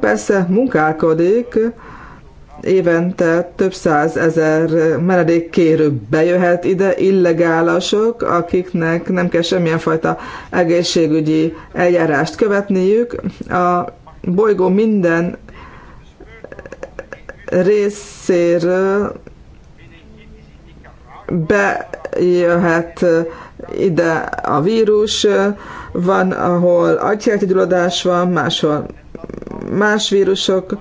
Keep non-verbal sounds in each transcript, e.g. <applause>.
persze munkálkodik, évente több száz ezer menedékkérő bejöhet ide, illegálasok, akiknek nem kell semmilyen fajta egészségügyi eljárást követniük. A bolygó minden részéről bejöhet ide a vírus, van, ahol agyhelyti van, máshol más vírusok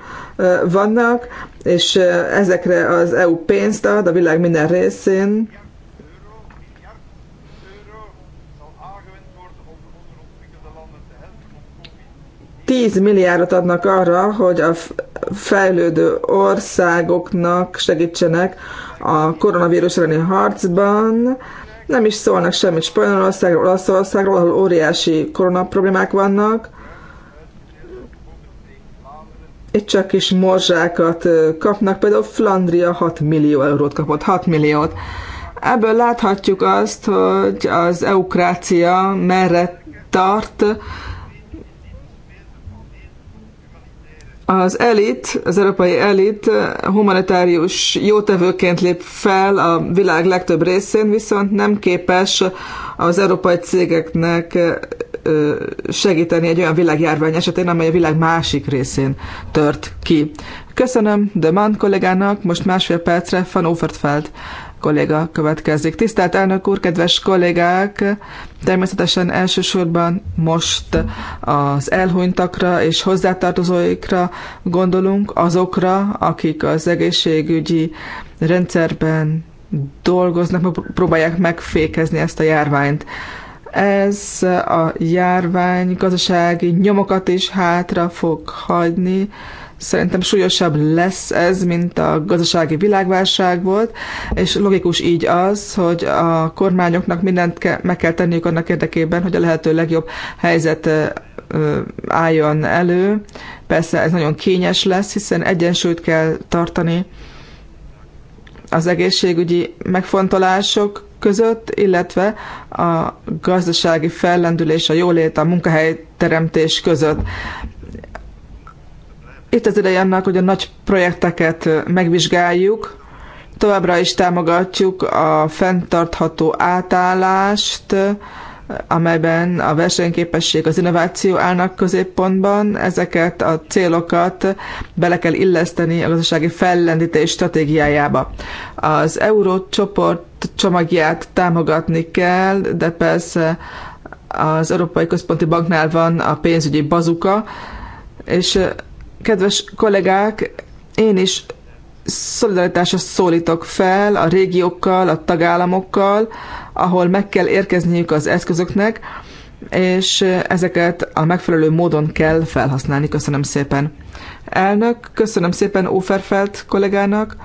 vannak, és ezekre az EU pénzt ad a világ minden részén. Tíz milliárdot adnak arra, hogy a fejlődő országoknak segítsenek a koronavírus elleni harcban. Nem is szólnak semmit Spanyolországról, Olaszországról, ahol óriási koronaproblémák vannak egy csak kis morzsákat kapnak, például Flandria 6 millió eurót kapott, 6 milliót. Ebből láthatjuk azt, hogy az eukrácia merre tart. Az elit, az európai elit humanitárius jótevőként lép fel a világ legtöbb részén, viszont nem képes az európai cégeknek segíteni egy olyan világjárvány esetén, amely a világ másik részén tört ki. Köszönöm de Mann kollégának, most másfél percre Van Overtfeld kolléga következik. Tisztelt elnök úr, kedves kollégák! Természetesen elsősorban most az elhunytakra és hozzátartozóikra gondolunk, azokra, akik az egészségügyi rendszerben dolgoznak, próbálják megfékezni ezt a járványt. Ez a járvány gazdasági nyomokat is hátra fog hagyni. Szerintem súlyosabb lesz ez, mint a gazdasági világválság volt, és logikus így az, hogy a kormányoknak mindent ke- meg kell tenniük annak érdekében, hogy a lehető legjobb helyzet álljon elő. Persze ez nagyon kényes lesz, hiszen egyensúlyt kell tartani az egészségügyi megfontolások között, illetve a gazdasági fellendülés, a jólét, a munkahely teremtés között. Itt az ideje annak, hogy a nagy projekteket megvizsgáljuk, továbbra is támogatjuk a fenntartható átállást, amelyben a versenyképesség, az innováció állnak középpontban. Ezeket a célokat bele kell illeszteni a gazdasági fellendítés stratégiájába. Az eurócsoport csomagját támogatni kell, de persze az Európai Központi Banknál van a pénzügyi bazuka, és kedves kollégák, én is szolidaritásra szólítok fel a régiókkal, a tagállamokkal, ahol meg kell érkezniük az eszközöknek, és ezeket a megfelelő módon kell felhasználni. Köszönöm szépen. Elnök, köszönöm szépen Óferfeld kollégának.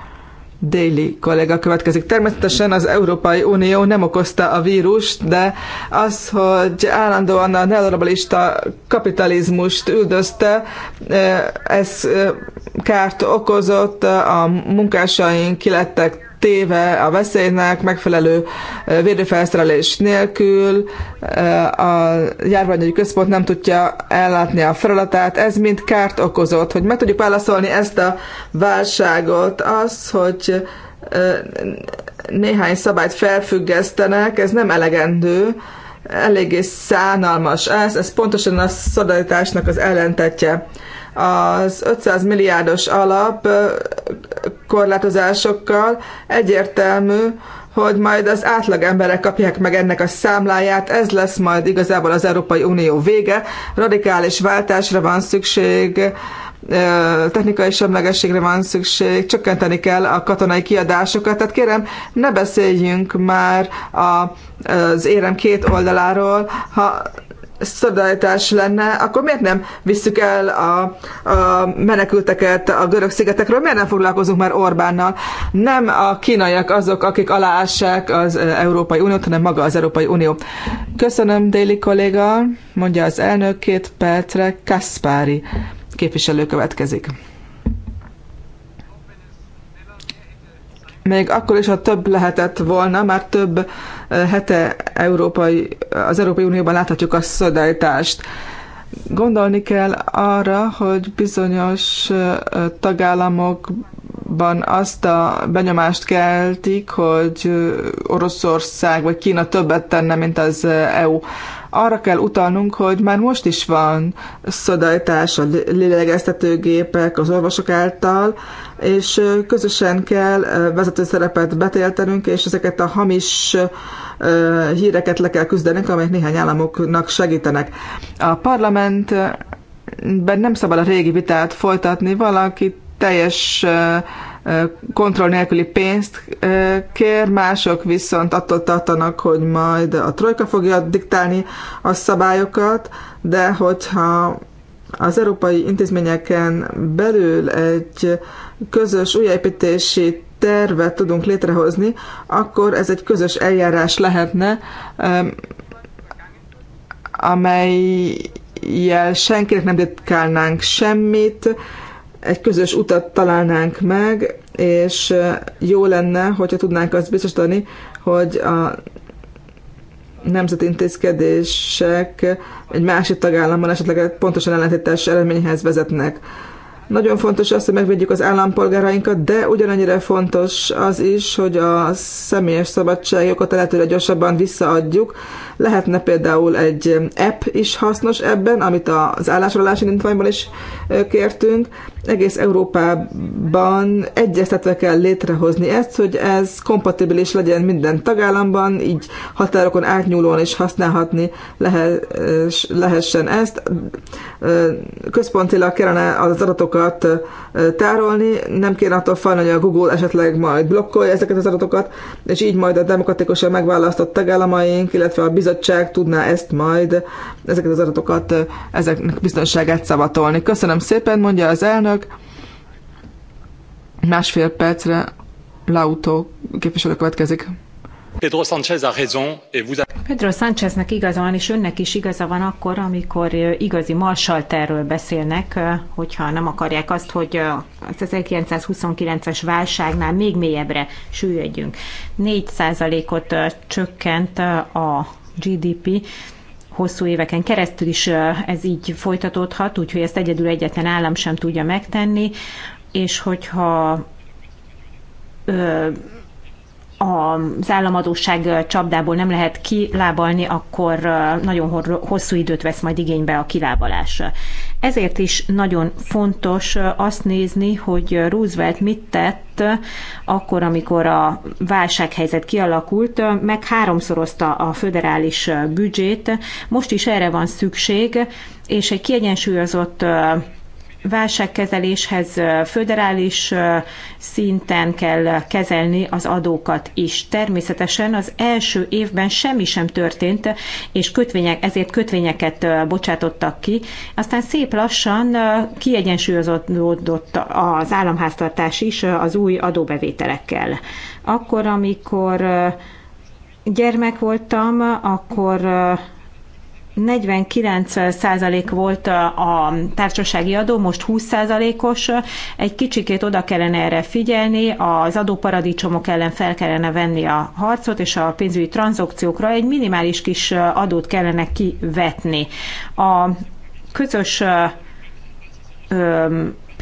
Déli kollega következik. Természetesen az Európai Unió nem okozta a vírust, de az, hogy állandóan a neoliberalista kapitalizmust üldözte, eh, ez eh, kárt okozott, a munkásaink kilettek Téve a veszélynek, megfelelő védőfelszerelés nélkül, a járványügyi központ nem tudja ellátni a feladatát, ez mind kárt okozott. Hogy meg tudjuk válaszolni ezt a válságot, az, hogy néhány szabályt felfüggesztenek, ez nem elegendő, eléggé szánalmas ez, ez pontosan a szolidaritásnak az ellentetje az 500 milliárdos alap korlátozásokkal egyértelmű, hogy majd az átlag emberek kapják meg ennek a számláját, ez lesz majd igazából az Európai Unió vége. Radikális váltásra van szükség, technikai semlegességre van szükség, csökkenteni kell a katonai kiadásokat. Tehát kérem, ne beszéljünk már a, az érem két oldaláról, ha szolidaritás lenne, akkor miért nem visszük el a, a menekülteket a görög szigetekről, miért nem foglalkozunk már Orbánnal? Nem a kínaiak azok, akik aláássák az Európai Uniót, hanem maga az Európai Unió. Köszönöm, déli kolléga, mondja az elnök két percre, Kaspári képviselő következik. még akkor is, ha több lehetett volna, már több eh, hete Európai, az Európai Unióban láthatjuk a szodálytást. Gondolni kell arra, hogy bizonyos eh, tagállamokban azt a benyomást keltik, hogy eh, Oroszország vagy Kína többet tenne, mint az EU arra kell utalnunk, hogy már most is van szodajtás a lélegeztetőgépek az orvosok által, és közösen kell vezető szerepet betéltenünk, és ezeket a hamis híreket le kell küzdenünk, amelyek néhány államoknak segítenek. A parlamentben nem szabad a régi vitát folytatni, valaki teljes kontroll nélküli pénzt kér, mások viszont attól tartanak, hogy majd a trojka fogja diktálni a szabályokat, de hogyha az európai intézményeken belül egy közös újjáépítési tervet tudunk létrehozni, akkor ez egy közös eljárás lehetne, amelyel senkinek nem titkálnánk semmit, egy közös utat találnánk meg, és jó lenne, hogyha tudnánk azt biztosítani, hogy a nemzeti intézkedések egy másik tagállamban esetleg pontosan ellentétes eredményhez vezetnek. Nagyon fontos az, hogy megvédjük az állampolgárainkat, de ugyanannyira fontos az is, hogy a személyes szabadságokat a lehetőre gyorsabban visszaadjuk. Lehetne például egy app is hasznos ebben, amit az állásolási intványban is kértünk, egész Európában egyeztetve kell létrehozni ezt, hogy ez kompatibilis legyen minden tagállamban, így határokon átnyúlóan is használhatni lehessen ezt. Központilag kellene az adatokat tárolni, nem kéne attól fajn, hogy a Google esetleg majd blokkolja ezeket az adatokat, és így majd a demokratikusan megválasztott tagállamaink, illetve a bizottság tudná ezt majd, ezeket az adatokat, ezeknek biztonságát szavatolni. Köszönöm szépen, mondja az elnök, gyakorlatilag. Másfél percre Lautó képviselő következik. Pedro Sánchez a raison, et vous a... Pedro Sáncheznek igaza van, és önnek is igaza van akkor, amikor igazi marsalterről beszélnek, hogyha nem akarják azt, hogy az 1929-es válságnál még mélyebbre süllyedjünk. 4%-ot csökkent a GDP hosszú éveken keresztül is ez így folytatódhat, úgyhogy ezt egyedül egyetlen állam sem tudja megtenni, és hogyha ö, az államadóság csapdából nem lehet kilábalni, akkor nagyon hosszú időt vesz majd igénybe a kilábalás. Ezért is nagyon fontos azt nézni, hogy Roosevelt mit tett akkor, amikor a válsághelyzet kialakult, meg háromszorozta a föderális büdzsét. Most is erre van szükség, és egy kiegyensúlyozott válságkezeléshez föderális szinten kell kezelni az adókat is. Természetesen az első évben semmi sem történt, és kötvények, ezért kötvényeket bocsátottak ki. Aztán szép lassan kiegyensúlyozódott az államháztartás is az új adóbevételekkel. Akkor, amikor gyermek voltam, akkor 49% volt a társasági adó, most 20%-os. Egy kicsikét oda kellene erre figyelni, az adóparadicsomok ellen fel kellene venni a harcot, és a pénzügyi tranzakciókra egy minimális kis adót kellene kivetni. A közös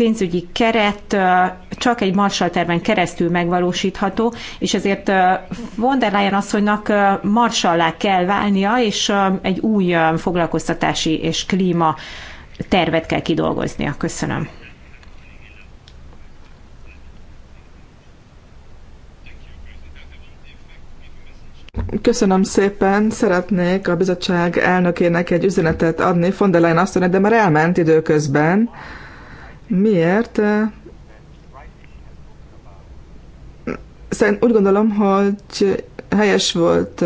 pénzügyi keret csak egy marsalterven keresztül megvalósítható, és ezért von der Leyen asszonynak marsallá kell válnia, és egy új foglalkoztatási és klíma tervet kell kidolgoznia. Köszönöm. Köszönöm szépen, szeretnék a bizottság elnökének egy üzenetet adni, Fondelein azt mondja, de már elment időközben. Miért? Szerint úgy gondolom, hogy helyes volt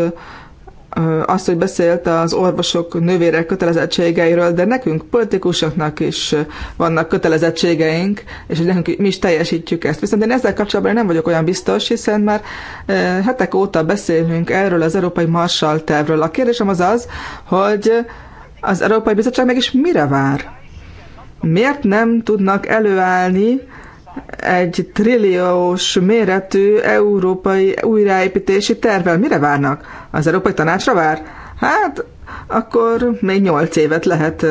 azt, hogy beszélt az orvosok nővérek kötelezettségeiről, de nekünk politikusoknak is vannak kötelezettségeink, és hogy nekünk mi is teljesítjük ezt. Viszont én ezzel kapcsolatban nem vagyok olyan biztos, hiszen már hetek óta beszélünk erről az európai Marshall tervről. A kérdésem az az, hogy az Európai Bizottság mégis mire vár? miért nem tudnak előállni egy trilliós méretű európai újraépítési tervvel? Mire várnak? Az Európai Tanácsra vár? Hát akkor még nyolc évet lehet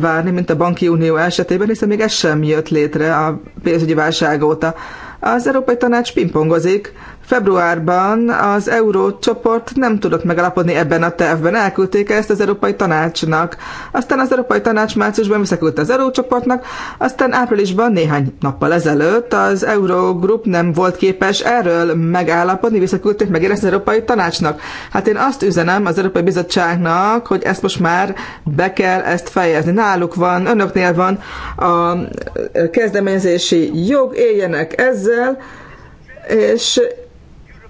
várni, mint a Banki Unió esetében, hiszen még ez sem jött létre a pénzügyi válság óta. Az Európai Tanács pingpongozik, Februárban az eurócsoport nem tudott megalapodni ebben a tervben. Elküldték ezt az Európai Tanácsnak. Aztán az Európai Tanács márciusban visszaküldte az eurócsoportnak, aztán áprilisban néhány nappal ezelőtt az Eurogroup nem volt képes erről megállapodni, visszaküldték meg az Európai Tanácsnak. Hát én azt üzenem az Európai Bizottságnak, hogy ezt most már be kell ezt fejezni. Náluk van, önöknél van a kezdeményezési jog, éljenek ezzel, és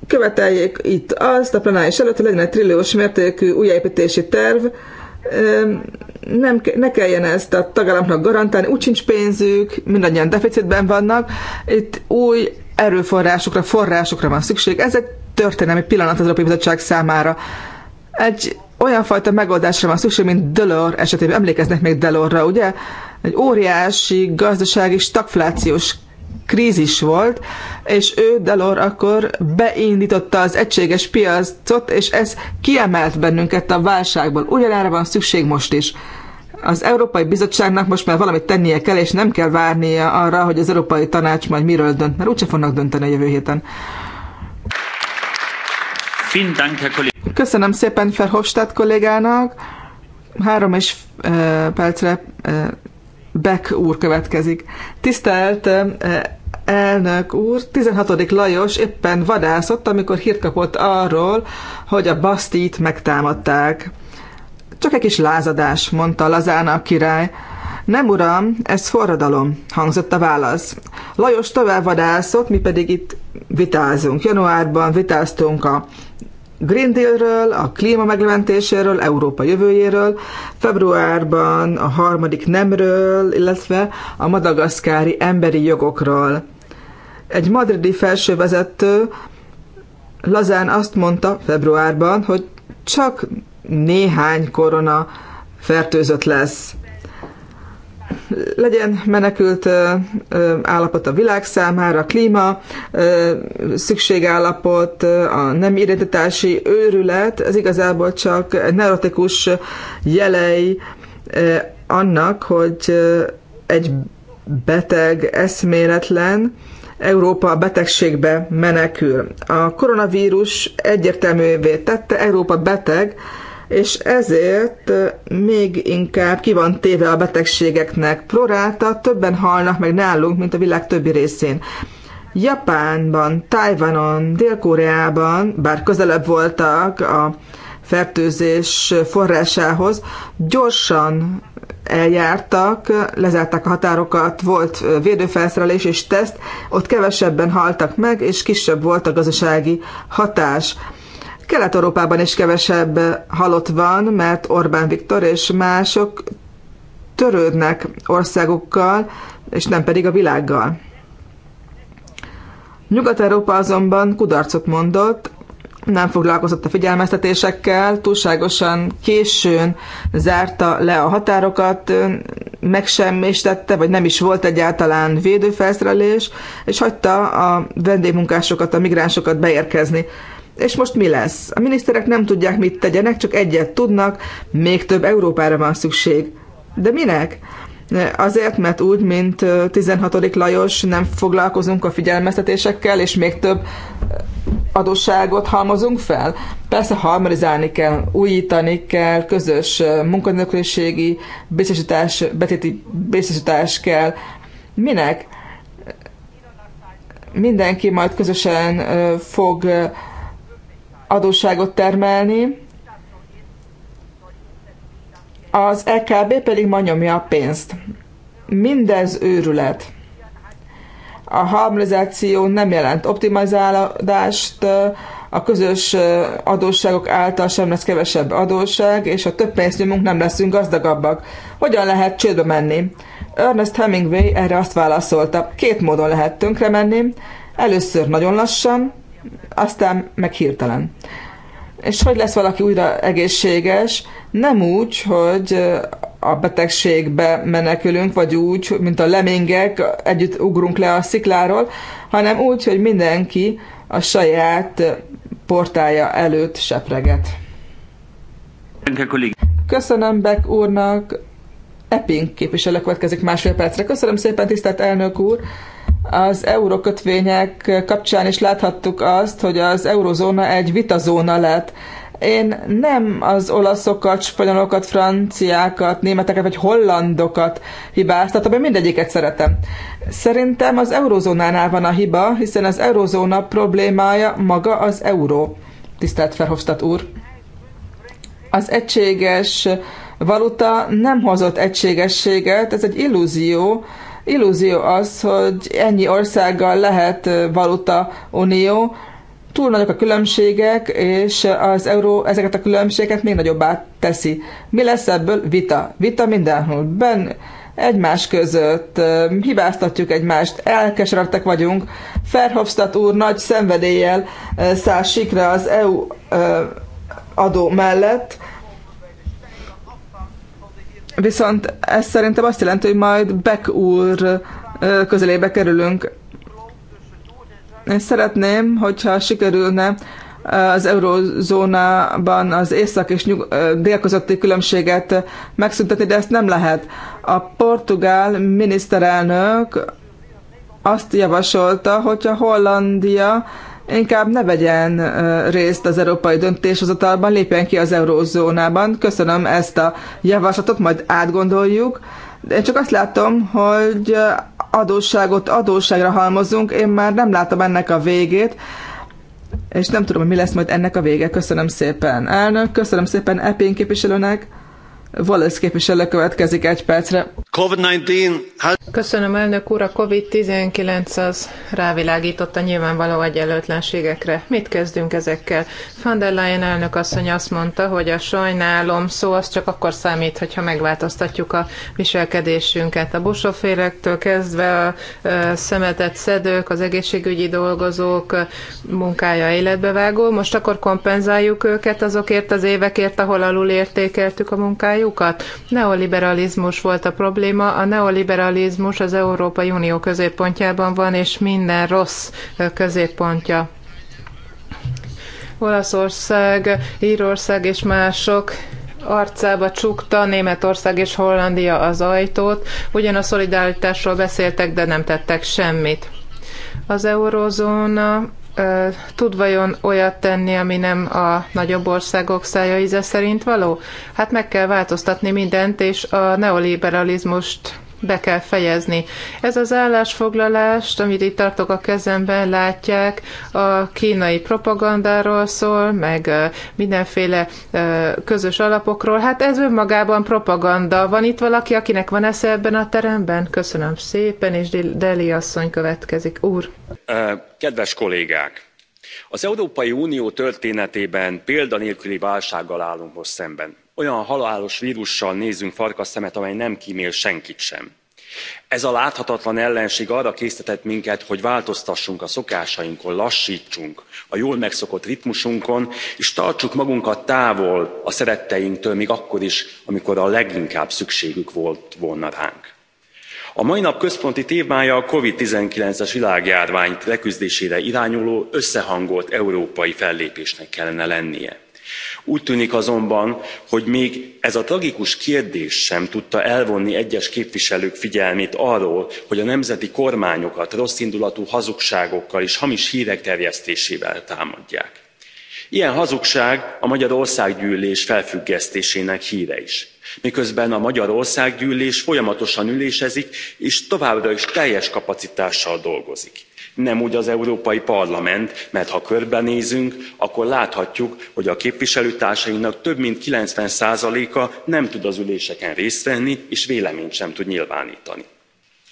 követeljék itt azt a plenáris előtt, hogy legyen egy trilliós mértékű újjáépítési terv, nem, ne kelljen ezt a tagállamnak garantálni, úgy sincs pénzük, mindannyian deficitben vannak, itt új erőforrásokra, forrásokra van szükség. Ez egy történelmi pillanat az Európai Bizottság számára. Egy olyan fajta megoldásra van szükség, mint Delors esetében. Emlékeznek még Delorra, ugye? Egy óriási gazdasági stagflációs krízis volt, és ő, Delor, akkor beindította az egységes piacot, és ez kiemelt bennünket a válságból. Ugyanára van szükség most is. Az Európai Bizottságnak most már valamit tennie kell, és nem kell várnia arra, hogy az Európai Tanács majd miről dönt, mert úgyse fognak dönteni a jövő héten. Köszönöm szépen Ferhofstadt kollégának. Három és e, percre e, Beck úr következik. Tisztelt eh, elnök úr, 16. Lajos éppen vadászott, amikor hírt kapott arról, hogy a Bastit megtámadták. Csak egy kis lázadás, mondta lazán a király. Nem uram, ez forradalom, hangzott a válasz. Lajos tovább vadászott, mi pedig itt vitázunk. Januárban vitáztunk a Green Dealről, a klíma megmentéséről, Európa jövőjéről, februárban a harmadik nemről, illetve a madagaszkári emberi jogokról. Egy madridi felsővezető lazán azt mondta februárban, hogy csak néhány korona fertőzött lesz legyen menekült állapot a világ számára, a klíma szükségállapot, a nem identitási őrület, ez igazából csak egy neurotikus jelei annak, hogy egy beteg, eszméletlen Európa a betegségbe menekül. A koronavírus egyértelművé tette, Európa beteg, és ezért még inkább ki van téve a betegségeknek. Proráta többen halnak meg nálunk, mint a világ többi részén. Japánban, Tajvanon, Dél-Koreában, bár közelebb voltak a fertőzés forrásához, gyorsan eljártak, lezárták a határokat, volt védőfelszerelés és teszt, ott kevesebben haltak meg, és kisebb volt a gazdasági hatás. Kelet-Európában is kevesebb halott van, mert Orbán Viktor és mások törődnek országokkal és nem pedig a világgal. Nyugat-Európa azonban kudarcot mondott, nem foglalkozott a figyelmeztetésekkel, túlságosan későn zárta le a határokat, megsemmisítette, vagy nem is volt egyáltalán védőfelszerelés, és hagyta a vendégmunkásokat, a migránsokat beérkezni. És most mi lesz? A miniszterek nem tudják, mit tegyenek, csak egyet tudnak, még több Európára van szükség. De minek? Azért, mert úgy, mint 16. Lajos, nem foglalkozunk a figyelmeztetésekkel, és még több adósságot halmozunk fel? Persze harmonizálni kell, újítani kell, közös munkanélküliségi biztosítás, betéti biztosítás kell. Minek? Mindenki majd közösen fog adósságot termelni, az EKB pedig ma nyomja a pénzt. Mindez őrület. A harmonizáció nem jelent optimalizálást, a közös adósságok által sem lesz kevesebb adósság, és a több pénzt nyomunk nem leszünk gazdagabbak. Hogyan lehet csődbe menni? Ernest Hemingway erre azt válaszolta, két módon lehet tönkre menni. Először nagyon lassan, aztán meg hirtelen. És hogy lesz valaki újra egészséges? Nem úgy, hogy a betegségbe menekülünk, vagy úgy, mint a lemingek, együtt ugrunk le a szikláról, hanem úgy, hogy mindenki a saját portája előtt sepreget. Köszönöm Beck úrnak, Epping képviselő következik másfél percre. Köszönöm szépen, tisztelt elnök úr! Az eurókötvények kapcsán is láthattuk azt, hogy az eurozóna egy vitazóna lett. Én nem az olaszokat, spanyolokat, franciákat, németeket vagy hollandokat hibáztatom, én mindegyiket szeretem. Szerintem az eurozónánál van a hiba, hiszen az eurozóna problémája maga az euró. Tisztelt Verhofstadt úr! Az egységes valuta nem hozott egységességet, ez egy illúzió, illúzió az, hogy ennyi országgal lehet valuta unió, túl nagyok a különbségek, és az euró ezeket a különbségeket még nagyobbá teszi. Mi lesz ebből? Vita. Vita mindenhol. Ben, egymás között, hibáztatjuk egymást, elkeseredtek vagyunk. Ferhofstadt úr nagy szenvedéllyel száll sikre az EU adó mellett, Viszont ez szerintem azt jelenti, hogy majd Beck úr közelébe kerülünk. Én szeretném, hogyha sikerülne az eurozónában az észak és nyug- dél közötti különbséget megszüntetni, de ezt nem lehet. A portugál miniszterelnök azt javasolta, hogyha Hollandia inkább ne vegyen részt az európai döntéshozatalban, lépjen ki az eurózónában. Köszönöm ezt a javaslatot, majd átgondoljuk. De én csak azt látom, hogy adósságot adósságra halmozunk, én már nem látom ennek a végét, és nem tudom, hogy mi lesz majd ennek a vége. Köszönöm szépen, elnök, köszönöm szépen Epén képviselőnek. Wallace képviselő következik egy percre. Köszönöm, elnök úr, a COVID-19 az a nyilvánvaló egyenlőtlenségekre. Mit kezdünk ezekkel? Van der Leyen elnök asszony azt mondta, hogy a sajnálom szó az csak akkor számít, hogyha megváltoztatjuk a viselkedésünket. A busoférektől kezdve a szemetet szedők, az egészségügyi dolgozók munkája életbe vágó. Most akkor kompenzáljuk őket azokért az évekért, ahol alul értékeltük a munkájukat. Neoliberalizmus volt a probléma probléma, a neoliberalizmus az Európai Unió középpontjában van, és minden rossz középpontja. Olaszország, Írország és mások arcába csukta Németország és Hollandia az ajtót, ugyan a szolidaritásról beszéltek, de nem tettek semmit. Az eurózóna tud vajon olyat tenni, ami nem a nagyobb országok szája íze szerint való? Hát meg kell változtatni mindent, és a neoliberalizmust be kell fejezni. Ez az állásfoglalást, amit itt tartok a kezemben, látják, a kínai propagandáról szól, meg mindenféle közös alapokról. Hát ez önmagában propaganda. Van itt valaki, akinek van esze ebben a teremben? Köszönöm szépen, és Deli asszony következik. Úr! Kedves kollégák! Az Európai Unió történetében példanélküli válsággal állunk most szemben olyan halálos vírussal nézünk farkas szemet, amely nem kímél senkit sem. Ez a láthatatlan ellenség arra késztetett minket, hogy változtassunk a szokásainkon, lassítsunk a jól megszokott ritmusunkon, és tartsuk magunkat távol a szeretteinktől még akkor is, amikor a leginkább szükségük volt volna ránk. A mai nap központi témája a COVID-19-es világjárvány leküzdésére irányuló összehangolt európai fellépésnek kellene lennie úgy tűnik azonban hogy még ez a tragikus kérdés sem tudta elvonni egyes képviselők figyelmét arról hogy a nemzeti kormányokat rosszindulatú hazugságokkal és hamis hrek terjesztésével támadják. ilyen hazugság a magyar országgyűlés felfüggesztésének hre is miközben a magyar országgyűlés folyamatosan ülésezik és továbbra is teljes kapacitással dolgozik nem úgy az Európai Parlament, mert ha körbenézünk, akkor láthatjuk, hogy a képviselőtársainak több mint 90%-a nem tud az üléseken részt venni, és véleményt sem tud nyilvánítani.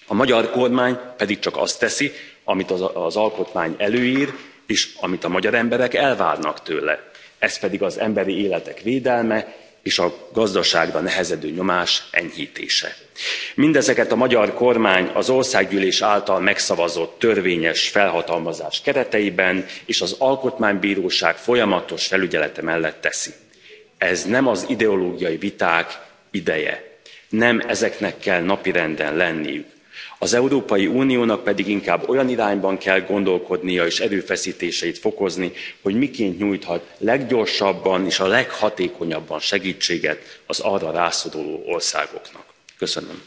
A magyar kormány pedig csak azt teszi, amit az, az alkotmány előír, és amit a magyar emberek elvárnak tőle. Ez pedig az emberi életek védelme, és a gazdaságra nehezedő nyomás enyhítése. Mindezeket a magyar kormány az országgyűlés által megszavazott törvényes felhatalmazás kereteiben és az alkotmánybíróság folyamatos felügyelete mellett teszi. Ez nem az ideológiai viták ideje. Nem ezeknek kell napirenden lenniük az európai uniónak pedig inkább olyan irányban kell gondolkodnia és erőfeszítéseit fokozni hogy miként nyújthat leggyorsabban és a leghatékonyabban segtséget az arra rászoruló országoknak. köszönöm.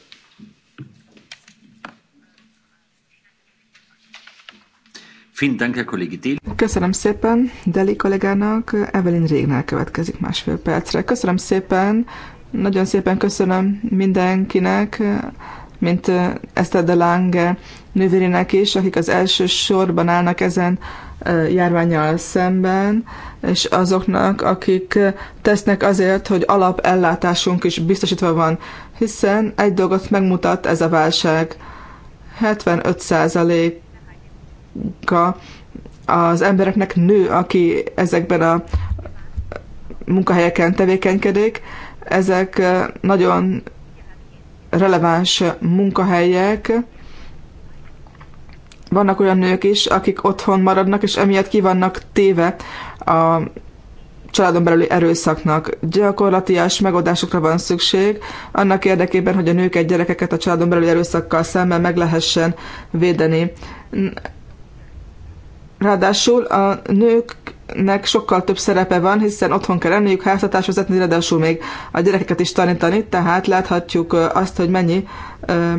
Köszönöm szépen Deli kollégának, Evelyn Régnál következik másfél percre. Köszönöm szépen, nagyon szépen köszönöm mindenkinek, mint Esther de Lange nővérének is, akik az első sorban állnak ezen járványjal szemben, és azoknak, akik tesznek azért, hogy alapellátásunk is biztosítva van, hiszen egy dolgot megmutat ez a válság. 75%-a az embereknek nő, aki ezekben a munkahelyeken tevékenykedik. Ezek nagyon releváns munkahelyek. Vannak olyan nők is, akik otthon maradnak, és emiatt ki vannak téve a családon belüli erőszaknak. Gyakorlatias megoldásokra van szükség, annak érdekében, hogy a nők egy gyerekeket a családon belüli erőszakkal szemben meg lehessen védeni. Ráadásul a nők nek sokkal több szerepe van, hiszen otthon kell lenniük, háztatás vezetni, ráadásul még a gyerekeket is tanítani, tehát láthatjuk azt, hogy mennyi ö,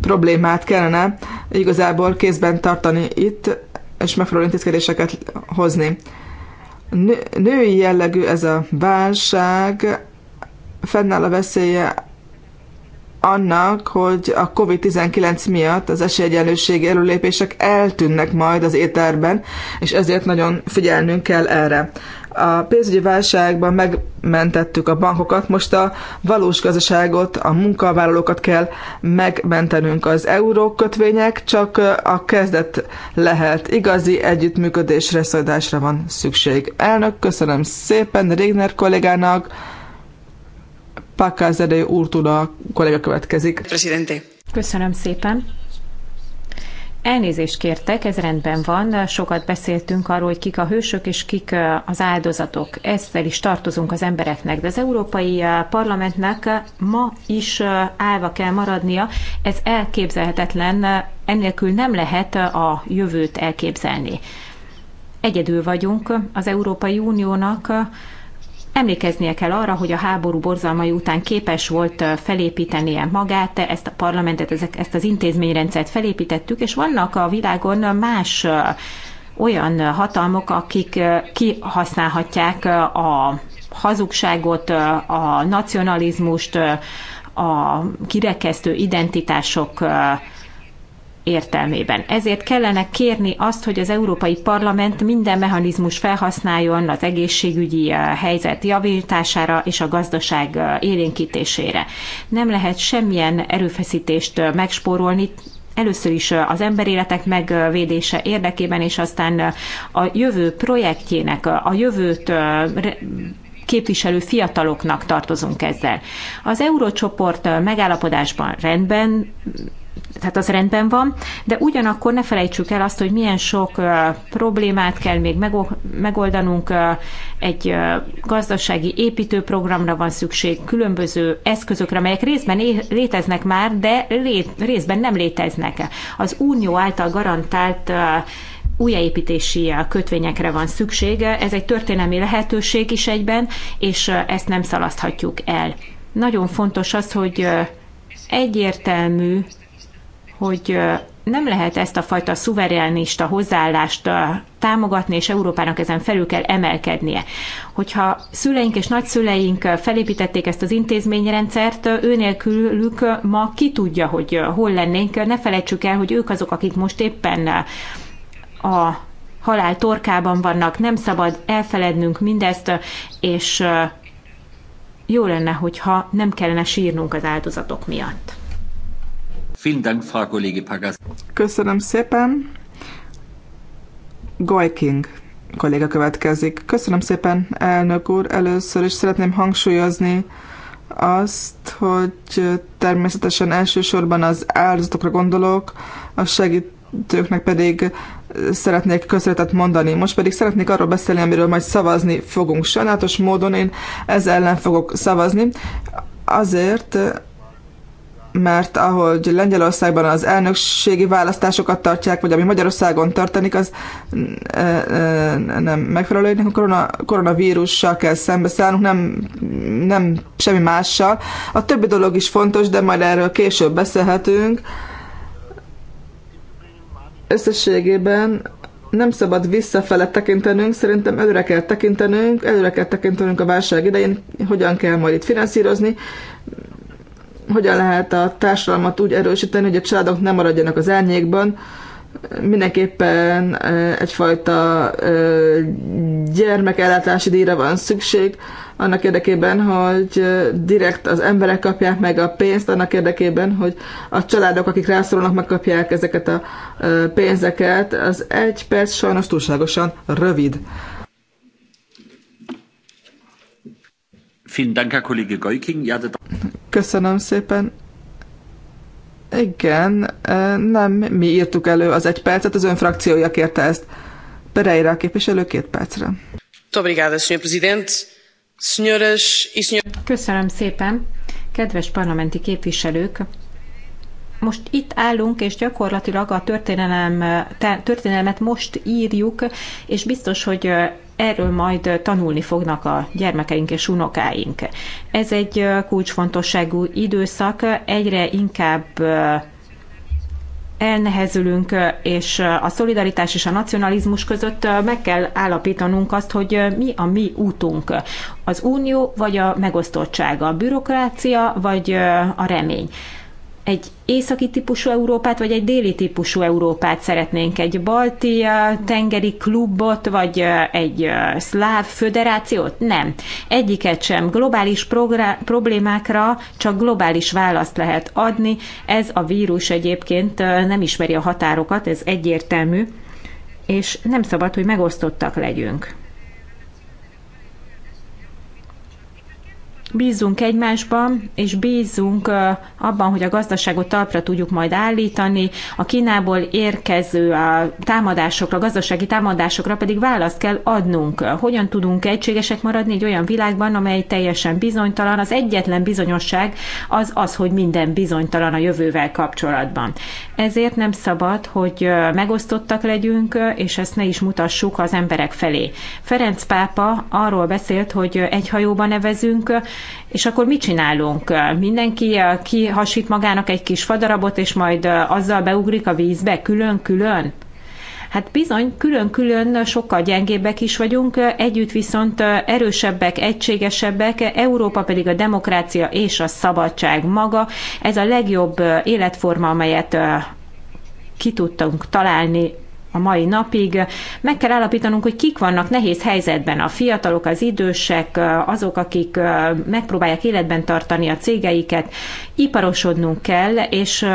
problémát kellene igazából kézben tartani itt, és megfelelő intézkedéseket hozni. Nő, női jellegű ez a válság, fennáll a veszélye annak, hogy a COVID-19 miatt az esélyegyenlőség előlépések eltűnnek majd az éterben, és ezért nagyon figyelnünk kell erre. A pénzügyi válságban megmentettük a bankokat, most a valós gazdaságot, a munkavállalókat kell megmentenünk. Az eurókötvények csak a kezdet lehet. Igazi együttműködésre, szadásra van szükség. Elnök, köszönöm szépen Régner kollégának, Pákár Zedei kollega következik. Presidente. Köszönöm szépen. Elnézést kértek, ez rendben van. Sokat beszéltünk arról, hogy kik a hősök és kik az áldozatok. Ezzel is tartozunk az embereknek, de az Európai Parlamentnek ma is állva kell maradnia. Ez elképzelhetetlen, ennélkül nem lehet a jövőt elképzelni. Egyedül vagyunk az Európai Uniónak, Emlékeznie kell arra, hogy a háború borzalmai után képes volt felépítenie magát, ezt a parlamentet, ezt az intézményrendszert felépítettük, és vannak a világon más olyan hatalmak, akik kihasználhatják a hazugságot, a nacionalizmust, a kirekesztő identitások értelmében. Ezért kellene kérni azt, hogy az Európai Parlament minden mechanizmus felhasználjon az egészségügyi eh, helyzet javítására és a gazdaság eh, élénkítésére. Nem lehet semmilyen erőfeszítést eh, megspórolni, először is az emberéletek megvédése érdekében, és aztán a jövő projektjének, a jövőt képviselő fiataloknak tartozunk ezzel. Az eurócsoport megállapodásban rendben tehát az rendben van, de ugyanakkor ne felejtsük el azt, hogy milyen sok problémát kell még megoldanunk, egy gazdasági építőprogramra van szükség, különböző eszközökre, melyek részben léteznek már, de részben nem léteznek. Az unió által garantált újjáépítési kötvényekre van szükség. Ez egy történelmi lehetőség is egyben, és ezt nem szalaszthatjuk el. Nagyon fontos az, hogy egyértelmű hogy nem lehet ezt a fajta szuverenista hozzáállást támogatni, és Európának ezen felül kell emelkednie. Hogyha szüleink és nagyszüleink felépítették ezt az intézményrendszert, őnélkülük ma ki tudja, hogy hol lennénk. Ne felejtsük el, hogy ők azok, akik most éppen a halál torkában vannak, nem szabad elfelednünk mindezt, és jó lenne, hogyha nem kellene sírnunk az áldozatok miatt. Köszönöm szépen. Goyking kolléga következik. Köszönöm szépen, elnök úr. Először is szeretném hangsúlyozni azt, hogy természetesen elsősorban az áldozatokra gondolok, a segítőknek pedig szeretnék köszönetet mondani. Most pedig szeretnék arról beszélni, amiről majd szavazni fogunk. Sajnálatos módon én ez ellen fogok szavazni. Azért, mert ahogy Lengyelországban az elnökségi választásokat tartják, vagy ami Magyarországon történik, az nem megfelelő. hogy a korona, koronavírussal kell szembeszállnunk, nem, nem semmi mással. A többi dolog is fontos, de majd erről később beszélhetünk. Összességében nem szabad visszafele tekintenünk, szerintem előre kell tekintenünk, előre kell tekintenünk a válság idején, hogyan kell majd itt finanszírozni, hogyan lehet a társadalmat úgy erősíteni, hogy a családok nem maradjanak az árnyékban, mindenképpen egyfajta gyermekellátási díjra van szükség, annak érdekében, hogy direkt az emberek kapják meg a pénzt, annak érdekében, hogy a családok, akik rászorulnak, megkapják ezeket a pénzeket. Az egy perc sajnos túlságosan rövid. Köszönöm szépen. Igen, nem mi írtuk elő az egy percet, az ön frakciója kérte ezt. Pereira a képviselő két percre. E Köszönöm szépen. Kedves parlamenti képviselők, most itt állunk, és gyakorlatilag a történelem, történelmet most írjuk, és biztos, hogy erről majd tanulni fognak a gyermekeink és unokáink. Ez egy kulcsfontosságú időszak, egyre inkább elnehezülünk, és a szolidaritás és a nacionalizmus között meg kell állapítanunk azt, hogy mi a mi útunk. Az unió vagy a megosztottság, a bürokrácia vagy a remény egy északi típusú Európát, vagy egy déli típusú Európát szeretnénk? Egy balti tengeri klubot, vagy egy szláv föderációt? Nem. Egyiket sem. Globális problémákra csak globális választ lehet adni. Ez a vírus egyébként nem ismeri a határokat, ez egyértelmű, és nem szabad, hogy megosztottak legyünk. Bízunk egymásban, és bízunk abban, hogy a gazdaságot talpra tudjuk majd állítani, a Kínából érkező a támadásokra, a gazdasági támadásokra pedig választ kell adnunk. Hogyan tudunk egységesek maradni egy olyan világban, amely teljesen bizonytalan? Az egyetlen bizonyosság az az, hogy minden bizonytalan a jövővel kapcsolatban. Ezért nem szabad, hogy megosztottak legyünk, és ezt ne is mutassuk az emberek felé. Ferenc pápa arról beszélt, hogy egy hajóban nevezünk, és akkor mit csinálunk? Mindenki eh, kihasít magának egy kis fadarabot, és majd eh, azzal beugrik a vízbe külön-külön? Hát bizony, külön-külön sokkal gyengébbek is vagyunk, eh, együtt viszont erősebbek, egységesebbek, Európa pedig a demokrácia és a szabadság maga. Ez a legjobb életforma, amelyet ki tudtunk találni a mai napig. Meg kell állapítanunk, hogy kik vannak nehéz helyzetben, a fiatalok, az idősek, azok, akik megpróbálják életben tartani a cégeiket. Iparosodnunk kell, és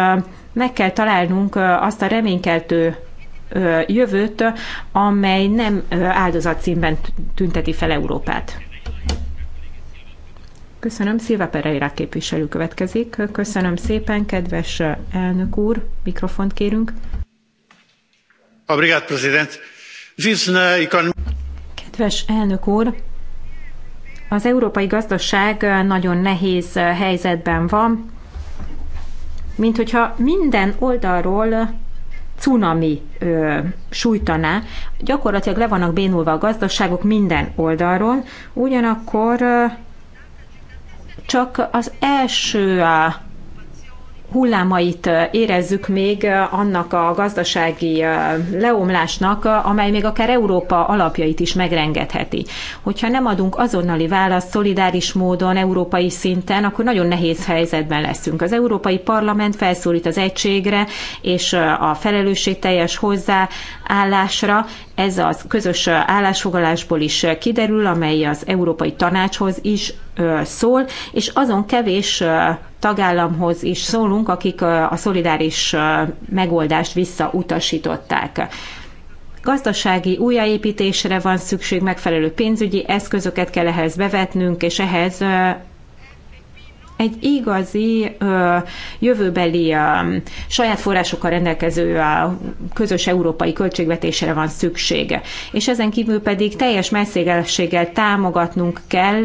meg kell találnunk azt a reménykeltő jövőt, amely nem színben tünteti fel Európát. Köszönöm, Szilva Pereira képviselő következik. Köszönöm szépen, kedves elnök úr, mikrofont kérünk. Kedves elnök úr, az európai gazdaság eh, nagyon nehéz eh, helyzetben van, mint hogyha minden oldalról eh, cunami ö, sújtaná. Gyakorlatilag le vannak bénulva a gazdaságok minden oldalról, ugyanakkor ö, csak az első a hullámait érezzük még annak a gazdasági leomlásnak, amely még akár Európa alapjait is megrengetheti. Hogyha nem adunk azonnali választ szolidáris módon európai szinten, akkor nagyon nehéz helyzetben leszünk. Az Európai Parlament felszólít az egységre és a felelősségteljes hozzáállásra. Ez a közös állásfoglalásból is kiderül, amely az Európai Tanácshoz is szól, és azon kevés tagállamhoz is szólunk, akik a szolidáris megoldást visszautasították. Gazdasági újjáépítésre van szükség, megfelelő pénzügyi eszközöket kell ehhez bevetnünk, és ehhez egy igazi jövőbeli saját forrásokkal rendelkező közös európai költségvetésre van szükség. És ezen kívül pedig teljes messzégességgel támogatnunk kell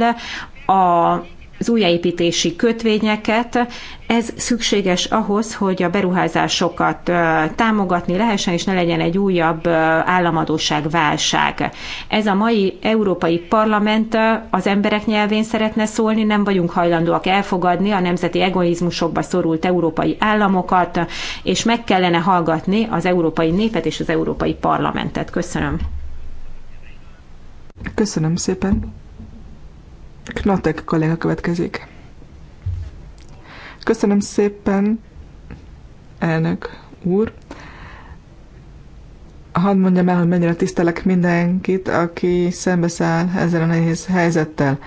a az újjáépítési kötvényeket. Ez szükséges ahhoz, hogy a beruházásokat támogatni lehessen, és ne legyen egy újabb államadóság válság. Ez a mai Európai Parlament az emberek nyelvén szeretne szólni, nem vagyunk hajlandóak elfogadni a nemzeti egoizmusokba szorult európai államokat, és meg kellene hallgatni az európai népet és az Európai Parlamentet. Köszönöm. Köszönöm szépen. Knatek kolléga következik. Köszönöm szépen, elnök úr. Hadd mondjam el, hogy mennyire tisztelek mindenkit, aki szembeszáll ezzel a nehéz helyzettel.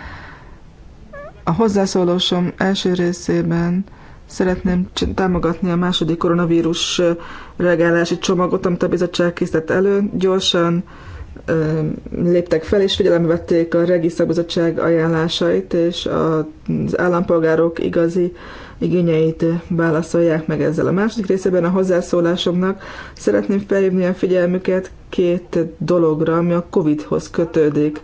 A hozzászólásom első részében szeretném támogatni a második koronavírus regálási csomagot, amit a bizottság készített elő. Gyorsan léptek fel, és figyelembe vették a Regi Szakbizottság ajánlásait, és az állampolgárok igazi igényeit válaszolják meg ezzel. A második részében a hozzászólásoknak szeretném felhívni a figyelmüket két dologra, ami a Covid-hoz kötődik.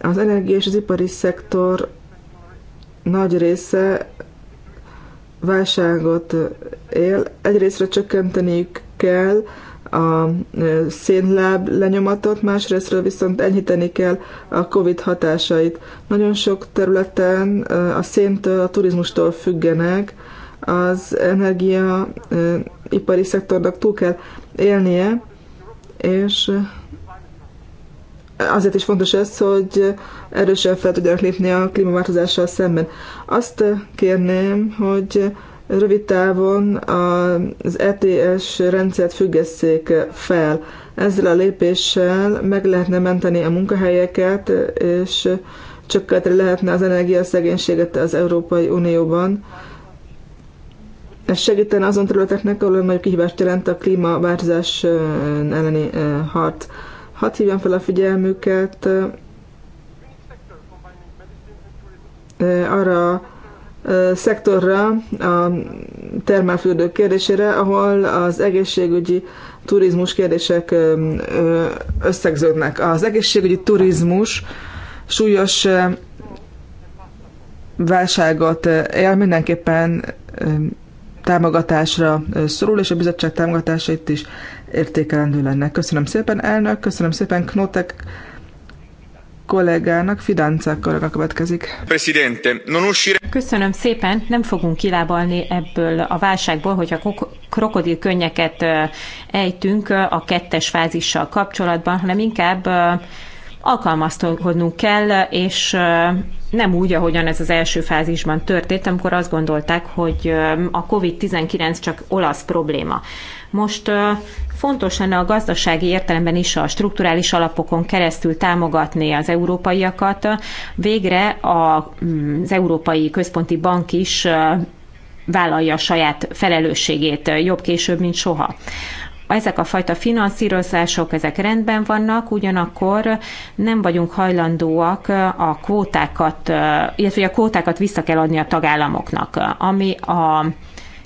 Az energia és az ipari szektor nagy része válságot él. Egyrésztre csökkenteniük kell, a szénláb lenyomatot, másrésztről viszont enyhíteni kell a COVID hatásait. Nagyon sok területen a széntől, a turizmustól függenek, az energia ipari szektornak túl kell élnie, és azért is fontos ez, hogy erősen fel tudjanak lépni a klímaváltozással szemben. Azt kérném, hogy rövid távon az ETS rendszert függesszék fel. Ezzel a lépéssel meg lehetne menteni a munkahelyeket, és csökkentre lehetne az energiaszegénységet az Európai Unióban. Ez segíteni azon területeknek, ahol nagyobb kihívást jelent a klímaváltozás elleni harc. Hadd hívjam fel a figyelmüket arra szektorra, a termálfürdők kérdésére, ahol az egészségügyi turizmus kérdések összegződnek. Az egészségügyi turizmus súlyos válságot él, mindenképpen támogatásra szorul, és a bizottság támogatása itt is értékelendő lenne. Köszönöm szépen, elnök, köszönöm szépen, Knotek kollégának, Fidanca kollega következik. Köszönöm szépen, nem fogunk kilábalni ebből a válságból, hogyha krokodil könnyeket ejtünk a kettes fázissal kapcsolatban, hanem inkább alkalmazkodnunk kell, és nem úgy, ahogyan ez az első fázisban történt, amikor azt gondolták, hogy a COVID-19 csak olasz probléma. Most Fontos lenne a gazdasági értelemben is a strukturális alapokon keresztül támogatni az európaiakat. Végre az Európai Központi Bank is vállalja a saját felelősségét jobb később, mint soha ezek a fajta finanszírozások, ezek rendben vannak, ugyanakkor nem vagyunk hajlandóak a kvótákat, illetve a kvótákat vissza kell adni a tagállamoknak, ami a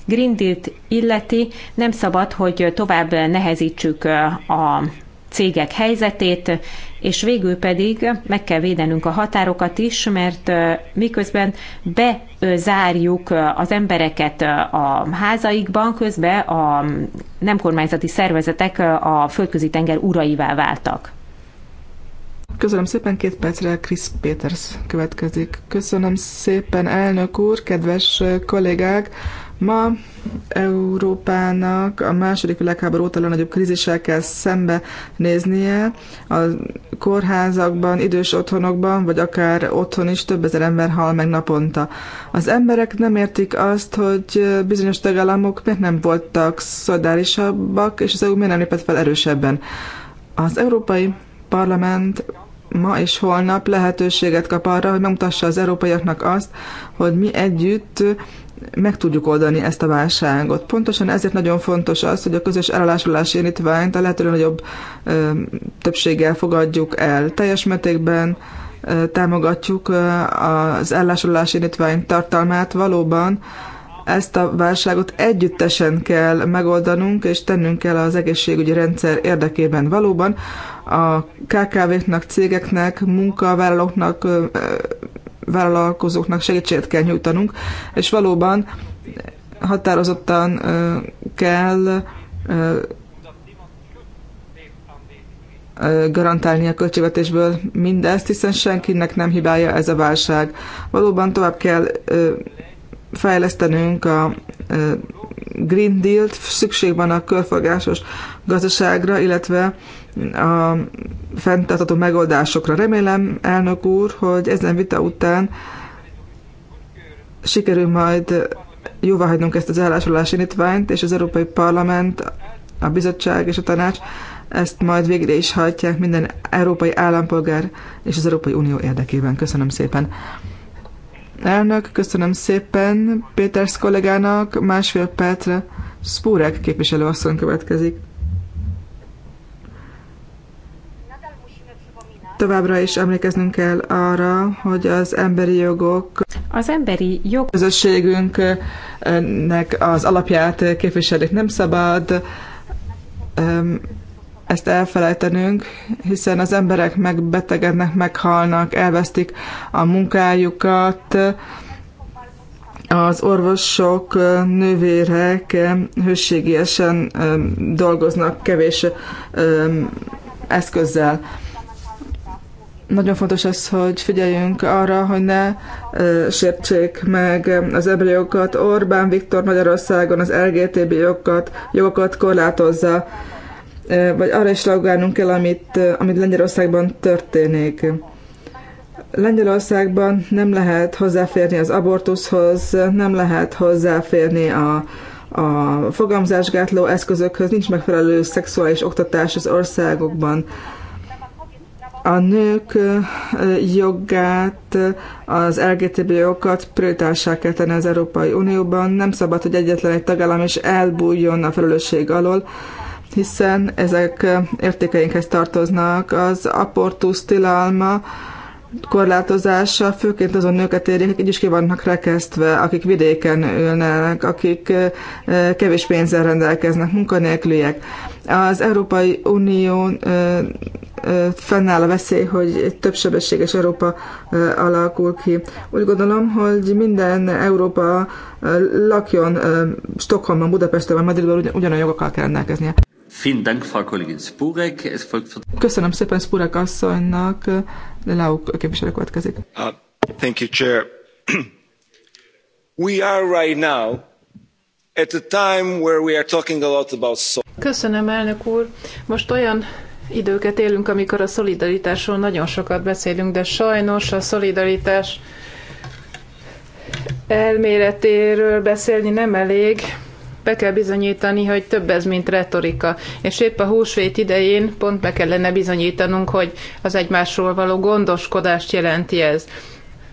Green Deal-t illeti, nem szabad, hogy tovább nehezítsük a cégek helyzetét, és végül pedig meg kell védenünk a határokat is, mert miközben bezárjuk az embereket a házaikban, közben a nem kormányzati szervezetek a földközi tenger uraivá váltak. Köszönöm szépen, két percre Krisz Péters következik. Köszönöm szépen, elnök úr, kedves kollégák! Ma Európának a második világháború óta nagyobb krízissel kell szembe néznie. A kórházakban, idős otthonokban, vagy akár otthon is több ezer ember hal meg naponta. Az emberek nem értik azt, hogy bizonyos tagállamok miért nem voltak szolidárisabbak, és az EU miért nem lépett fel erősebben. Az Európai Parlament ma és holnap lehetőséget kap arra, hogy megmutassa az európaiaknak azt, hogy mi együtt meg tudjuk oldani ezt a válságot. Pontosan ezért nagyon fontos az, hogy a közös elálásolási indítványt a lehető nagyobb ö, többséggel fogadjuk el. Teljes mértékben támogatjuk az ellásolási indítvány tartalmát. Valóban ezt a válságot együttesen kell megoldanunk, és tennünk kell az egészségügyi rendszer érdekében. Valóban a KKV-knak, cégeknek, munkavállalóknak vállalkozóknak segítséget kell nyújtanunk, és valóban határozottan kell garantálni a költségvetésből mindezt, hiszen senkinek nem hibája ez a válság. Valóban tovább kell fejlesztenünk a Green Deal-t, szükség van a körforgásos gazdaságra, illetve a fenntartató megoldásokra. Remélem, elnök úr, hogy ezen vita után sikerül majd jóváhagynunk ezt az állásolási indítványt, és az Európai Parlament, a bizottság és a tanács ezt majd végre is hajtják minden európai állampolgár és az Európai Unió érdekében. Köszönöm szépen. Elnök, köszönöm szépen Péters kollégának, másfél percre Spúrek képviselőasszony következik. Továbbra is emlékeznünk kell arra, hogy az emberi jogok az emberi jog közösségünknek az alapját képviselik. Nem szabad ezt elfelejtenünk, hiszen az emberek megbetegednek, meghalnak, elvesztik a munkájukat, az orvosok, nővérek hőségiesen dolgoznak kevés eszközzel nagyon fontos az, hogy figyeljünk arra, hogy ne e, sértsék meg az emberi jogokat. Orbán Viktor Magyarországon az LGTB jogokat, jogokat korlátozza, e, vagy arra is reagálnunk kell, amit, amit Lengyelországban történik. Lengyelországban nem lehet hozzáférni az abortuszhoz, nem lehet hozzáférni a, a fogamzásgátló eszközökhöz, nincs megfelelő szexuális oktatás az országokban a nők jogát, az LGTB jogokat prioritássá kell tenni az Európai Unióban. Nem szabad, hogy egyetlen egy tagállam is elbújjon a felelősség alól, hiszen ezek értékeinkhez tartoznak. Az aportus tilalma, korlátozása főként azon nőket érjék, akik is ki vannak rekesztve, akik vidéken ülnek, akik kevés pénzzel rendelkeznek, munkanélküliek az Európai unió fennáll a veszély, hogy egy többsebességes Európa alakul ki. Úgy gondolom, hogy minden Európa lakjon Stockholmban, Budapesten vagy Madridban ugyanolyan jogokkal kell rendelkeznie. Köszönöm szépen Spurek asszonynak. Lauk képviselő következik. Uh, thank you, Chair. <clears throat> we are right now at a time where we are talking a lot about Köszönöm, elnök úr. Most olyan időket élünk, amikor a szolidaritásról nagyon sokat beszélünk, de sajnos a szolidaritás elméletéről beszélni nem elég, be kell bizonyítani, hogy több ez, mint retorika. És épp a húsvét idején pont be kellene bizonyítanunk, hogy az egymásról való gondoskodást jelenti ez.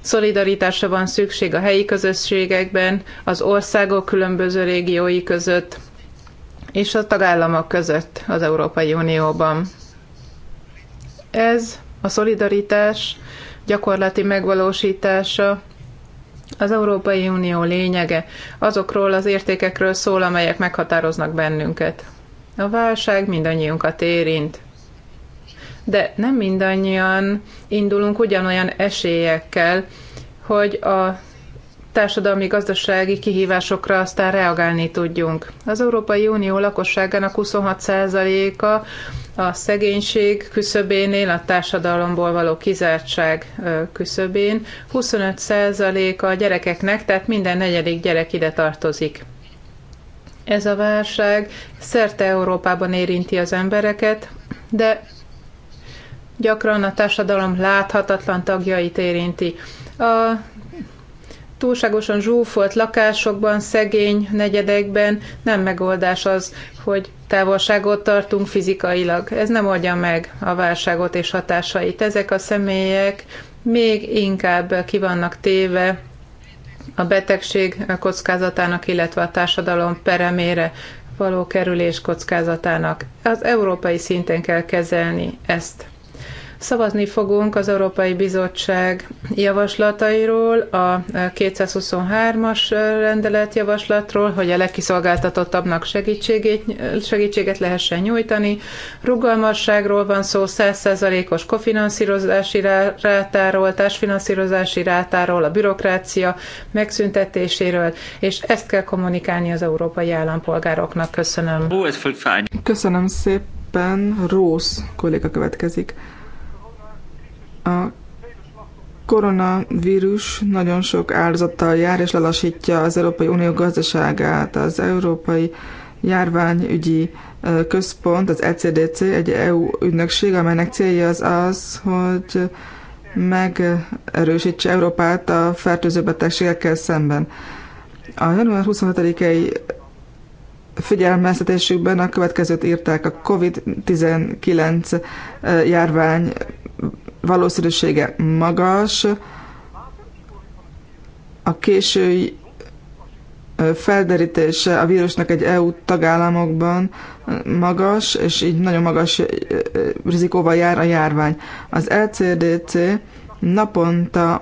Szolidaritásra van szükség a helyi közösségekben, az országok különböző régiói között, és a tagállamok között az Európai Unióban. Ez a szolidaritás gyakorlati megvalósítása az Európai Unió lényege, azokról az értékekről szól, amelyek meghatároznak bennünket. A válság mindannyiunkat érint. De nem mindannyian indulunk ugyanolyan esélyekkel, hogy a társadalmi-gazdasági kihívásokra aztán reagálni tudjunk. Az Európai Unió lakosságának 26%-a a szegénység küszöbénél, a társadalomból való kizártság küszöbén, 25% a gyerekeknek, tehát minden negyedik gyerek ide tartozik. Ez a válság szerte Európában érinti az embereket, de gyakran a társadalom láthatatlan tagjait érinti. A túlságosan zsúfolt lakásokban, szegény negyedekben nem megoldás az, hogy távolságot tartunk fizikailag. Ez nem oldja meg a válságot és hatásait. Ezek a személyek még inkább vannak téve a betegség kockázatának, illetve a társadalom peremére való kerülés kockázatának. Az európai szinten kell kezelni ezt. Szavazni fogunk az Európai Bizottság javaslatairól, a 223-as rendelet javaslatról, hogy a legkiszolgáltatottabbnak segítséget lehessen nyújtani. Rugalmasságról van szó, 100%-os kofinanszírozási rátáról, társfinanszírozási rátáról, a bürokrácia megszüntetéséről, és ezt kell kommunikálni az európai állampolgároknak. Köszönöm. Köszönöm szépen. Rose kolléga következik. A koronavírus nagyon sok áldozattal jár, és lelassítja az Európai Unió gazdaságát. Az Európai Járványügyi Központ, az ECDC, egy EU ügynökség, amelynek célja az az, hogy megerősítse Európát a fertőző betegségekkel szemben. A január 26 i figyelmeztetésükben a következőt írták a COVID-19 járvány valószínűsége magas, a késői felderítése a vírusnak egy EU tagállamokban magas, és így nagyon magas rizikóval jár a járvány. Az LCDC e naponta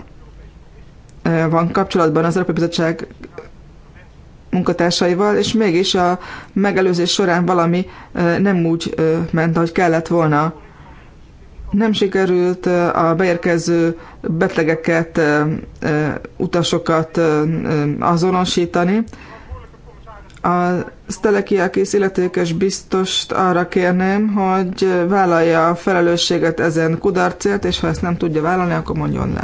van kapcsolatban az Európai Bizottság munkatársaival, és mégis a megelőzés során valami nem úgy ment, ahogy kellett volna nem sikerült a beérkező betegeket, utasokat azonosítani. A sztelekiakész illetékes biztost arra kérném, hogy vállalja a felelősséget ezen kudarcért, és ha ezt nem tudja vállalni, akkor mondjon le.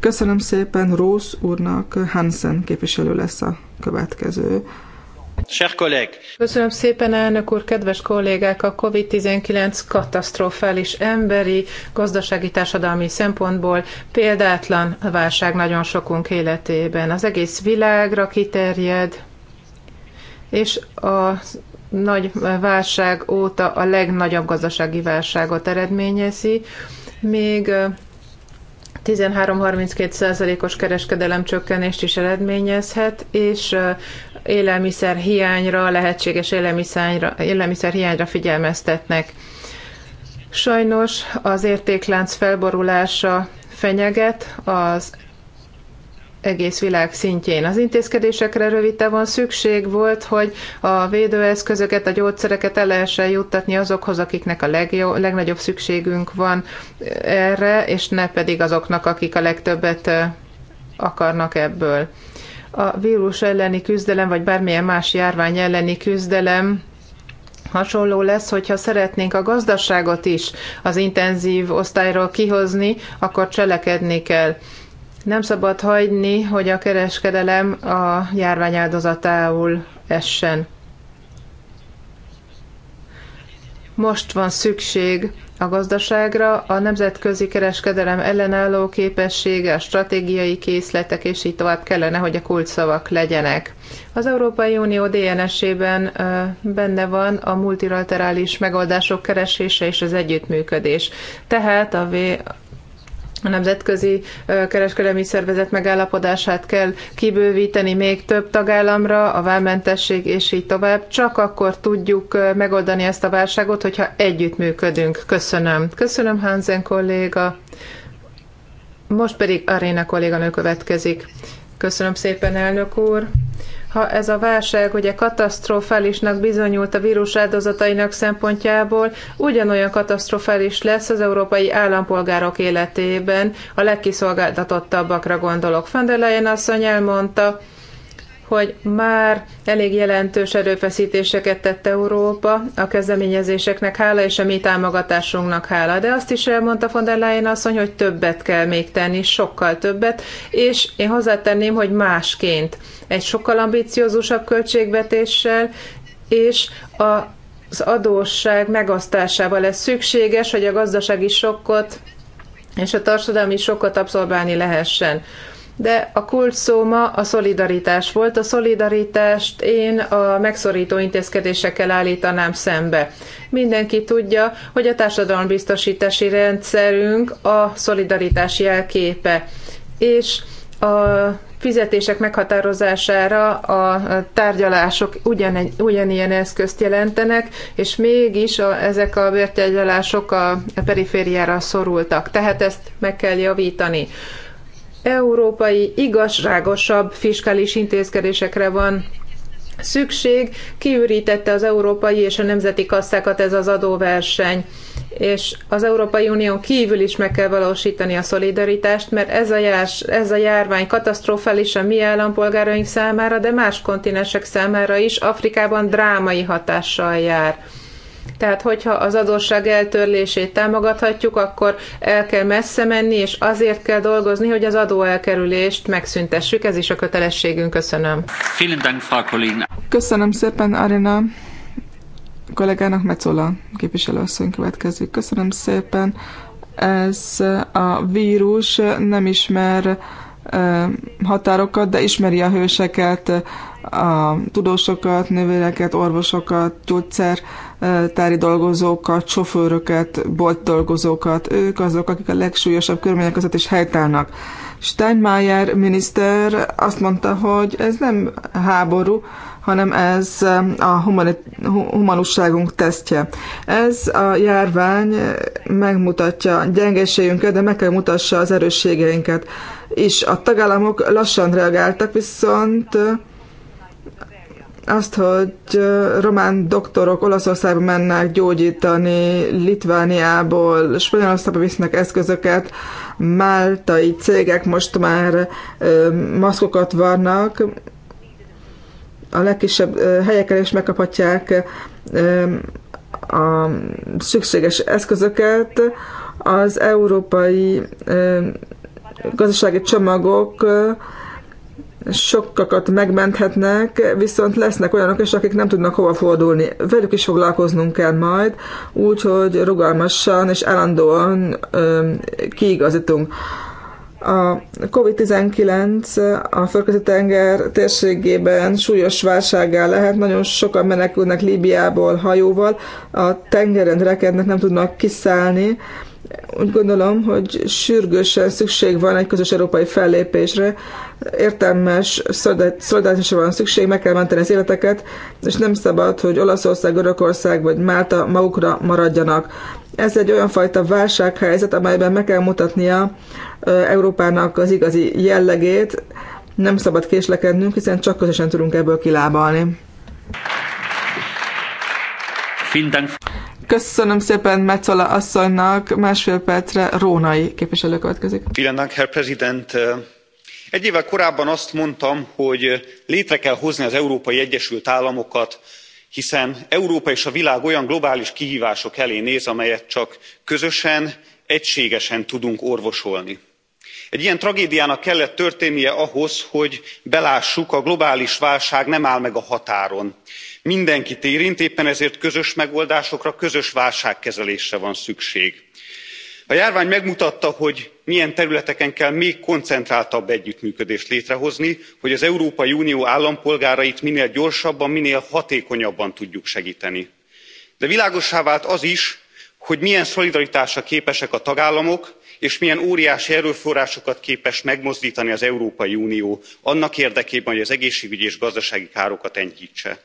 Köszönöm szépen Rósz úrnak, Hansen képviselő lesz a következő Köszönöm szépen, elnök úr, kedves kollégák! A COVID-19 katasztrofális emberi, gazdasági, társadalmi szempontból példátlan válság nagyon sokunk életében. Az egész világra kiterjed, és a nagy válság óta a legnagyobb gazdasági válságot eredményezi. Még 13-32 százalékos kereskedelem csökkenést is eredményezhet, és élelmiszer hiányra, lehetséges élelmiszer, hiányra figyelmeztetnek. Sajnos az értéklánc felborulása fenyeget az egész világ szintjén. Az intézkedésekre rövid van szükség volt, hogy a védőeszközöket, a gyógyszereket el lehessen juttatni azokhoz, akiknek a legjó, legnagyobb szükségünk van erre, és ne pedig azoknak, akik a legtöbbet akarnak ebből a vírus elleni küzdelem, vagy bármilyen más járvány elleni küzdelem hasonló lesz, hogyha szeretnénk a gazdaságot is az intenzív osztályról kihozni, akkor cselekedni kell. Nem szabad hagyni, hogy a kereskedelem a járvány áldozatául essen. Most van szükség a gazdaságra, a nemzetközi kereskedelem ellenálló képessége, a stratégiai készletek, és így tovább kellene, hogy a kulcsszavak legyenek. Az Európai Unió DNS-ében benne van a multilaterális megoldások keresése és az együttműködés. Tehát a, v, a nemzetközi kereskedelmi szervezet megállapodását kell kibővíteni még több tagállamra, a válmentesség és így tovább. Csak akkor tudjuk megoldani ezt a válságot, hogyha együttműködünk. Köszönöm. Köszönöm, Hansen kolléga. Most pedig Aréna kolléganő következik. Köszönöm szépen, elnök úr ha ez a válság ugye katasztrofálisnak bizonyult a vírus áldozatainak szempontjából, ugyanolyan katasztrofális lesz az európai állampolgárok életében, a legkiszolgáltatottabbakra gondolok. Van asszony elmondta, hogy már elég jelentős erőfeszítéseket tett Európa a kezdeményezéseknek hála és a mi támogatásunknak hála. De azt is elmondta von der Leyen asszony, hogy többet kell még tenni, sokkal többet, és én hozzátenném, hogy másként. Egy sokkal ambiciózusabb költségvetéssel, és a az adósság megosztásával lesz szükséges, hogy a gazdasági sokkot és a társadalmi sokkot abszorbálni lehessen de a kulcs szó ma a szolidaritás volt. A szolidaritást én a megszorító intézkedésekkel állítanám szembe. Mindenki tudja, hogy a társadalombiztosítási rendszerünk a szolidaritás jelképe, és a fizetések meghatározására a tárgyalások ugyan, ugyanilyen eszközt jelentenek, és mégis a, ezek a bértárgyalások a, a perifériára szorultak. Tehát ezt meg kell javítani európai, igazságosabb fiskális intézkedésekre van szükség. Kiürítette az európai és a nemzeti kasszákat ez az adóverseny és az Európai Unión kívül is meg kell valósítani a szolidaritást, mert ez a, ez a járvány katasztrofális a mi állampolgáraink számára, de más kontinensek számára is, Afrikában drámai hatással jár. Tehát, hogyha az adósság eltörlését támogathatjuk, akkor el kell messze menni, és azért kell dolgozni, hogy az adóelkerülést megszüntessük. Ez is a kötelességünk. Köszönöm. Köszönöm szépen, Arina. kollégának Mecola képviselőasszony következik. Köszönöm szépen. Ez a vírus nem ismer eh, határokat, de ismeri a hőseket, a tudósokat, nővéreket, orvosokat, gyógyszertári dolgozókat, sofőröket, bolt dolgozókat. Ők azok, akik a legsúlyosabb körülmények között is helytállnak. Steinmeier miniszter azt mondta, hogy ez nem háború, hanem ez a humanusságunk tesztje. Ez a járvány megmutatja gyengeségünket, de meg kell mutassa az erősségeinket. És a tagállamok lassan reagáltak, viszont azt, hogy román doktorok Olaszországba mennek gyógyítani, Litvániából, Spanyolországba visznek eszközöket, máltai cégek most már maszkokat varnak, a legkisebb helyeken is megkaphatják a szükséges eszközöket. Az európai gazdasági csomagok sokakat megmenthetnek, viszont lesznek olyanok is, akik nem tudnak hova fordulni. Velük is foglalkoznunk kell majd, úgyhogy rugalmasan és állandóan ö, kiigazítunk. A COVID-19 a földközi tenger térségében súlyos válságá lehet, nagyon sokan menekülnek Líbiából hajóval, a tengeren rekednek, nem tudnak kiszállni, úgy gondolom, hogy sürgősen szükség van egy közös európai fellépésre, értelmes szolidaritásra van szükség, meg kell menteni az életeket, és nem szabad, hogy Olaszország, Görögország vagy Málta magukra maradjanak. Ez egy olyan fajta válsághelyzet, amelyben meg kell mutatnia Európának az igazi jellegét, nem szabad késlekednünk, hiszen csak közösen tudunk ebből kilábalni. Köszönöm szépen Metzola asszonynak, másfél percre Rónai képviselő következik. Vielen Herr Präsident. Egy évvel korábban azt mondtam, hogy létre kell hozni az Európai Egyesült Államokat, hiszen Európa és a világ olyan globális kihívások elé néz, amelyet csak közösen, egységesen tudunk orvosolni. Egy ilyen tragédiának kellett történnie ahhoz, hogy belássuk, a globális válság nem áll meg a határon mindenkit érint éppen ezért közös megoldásokra közös válságkezelésre van szükség. a járvány megmutatta hogy milyen területeken kell még koncentráltabb együttműködést létrehozni hogy az európai unió állampolgárait minél gyorsabban minél hatékonyabban tudjuk segteni. de világossá vált az is hogy milyen szolidaritásra képesek a tagállamok és milyen óriási erőforrásokat képes megmozdtani az európai unió annak érdekében hogy az egészségügyi és gazdasági károkat enyhtse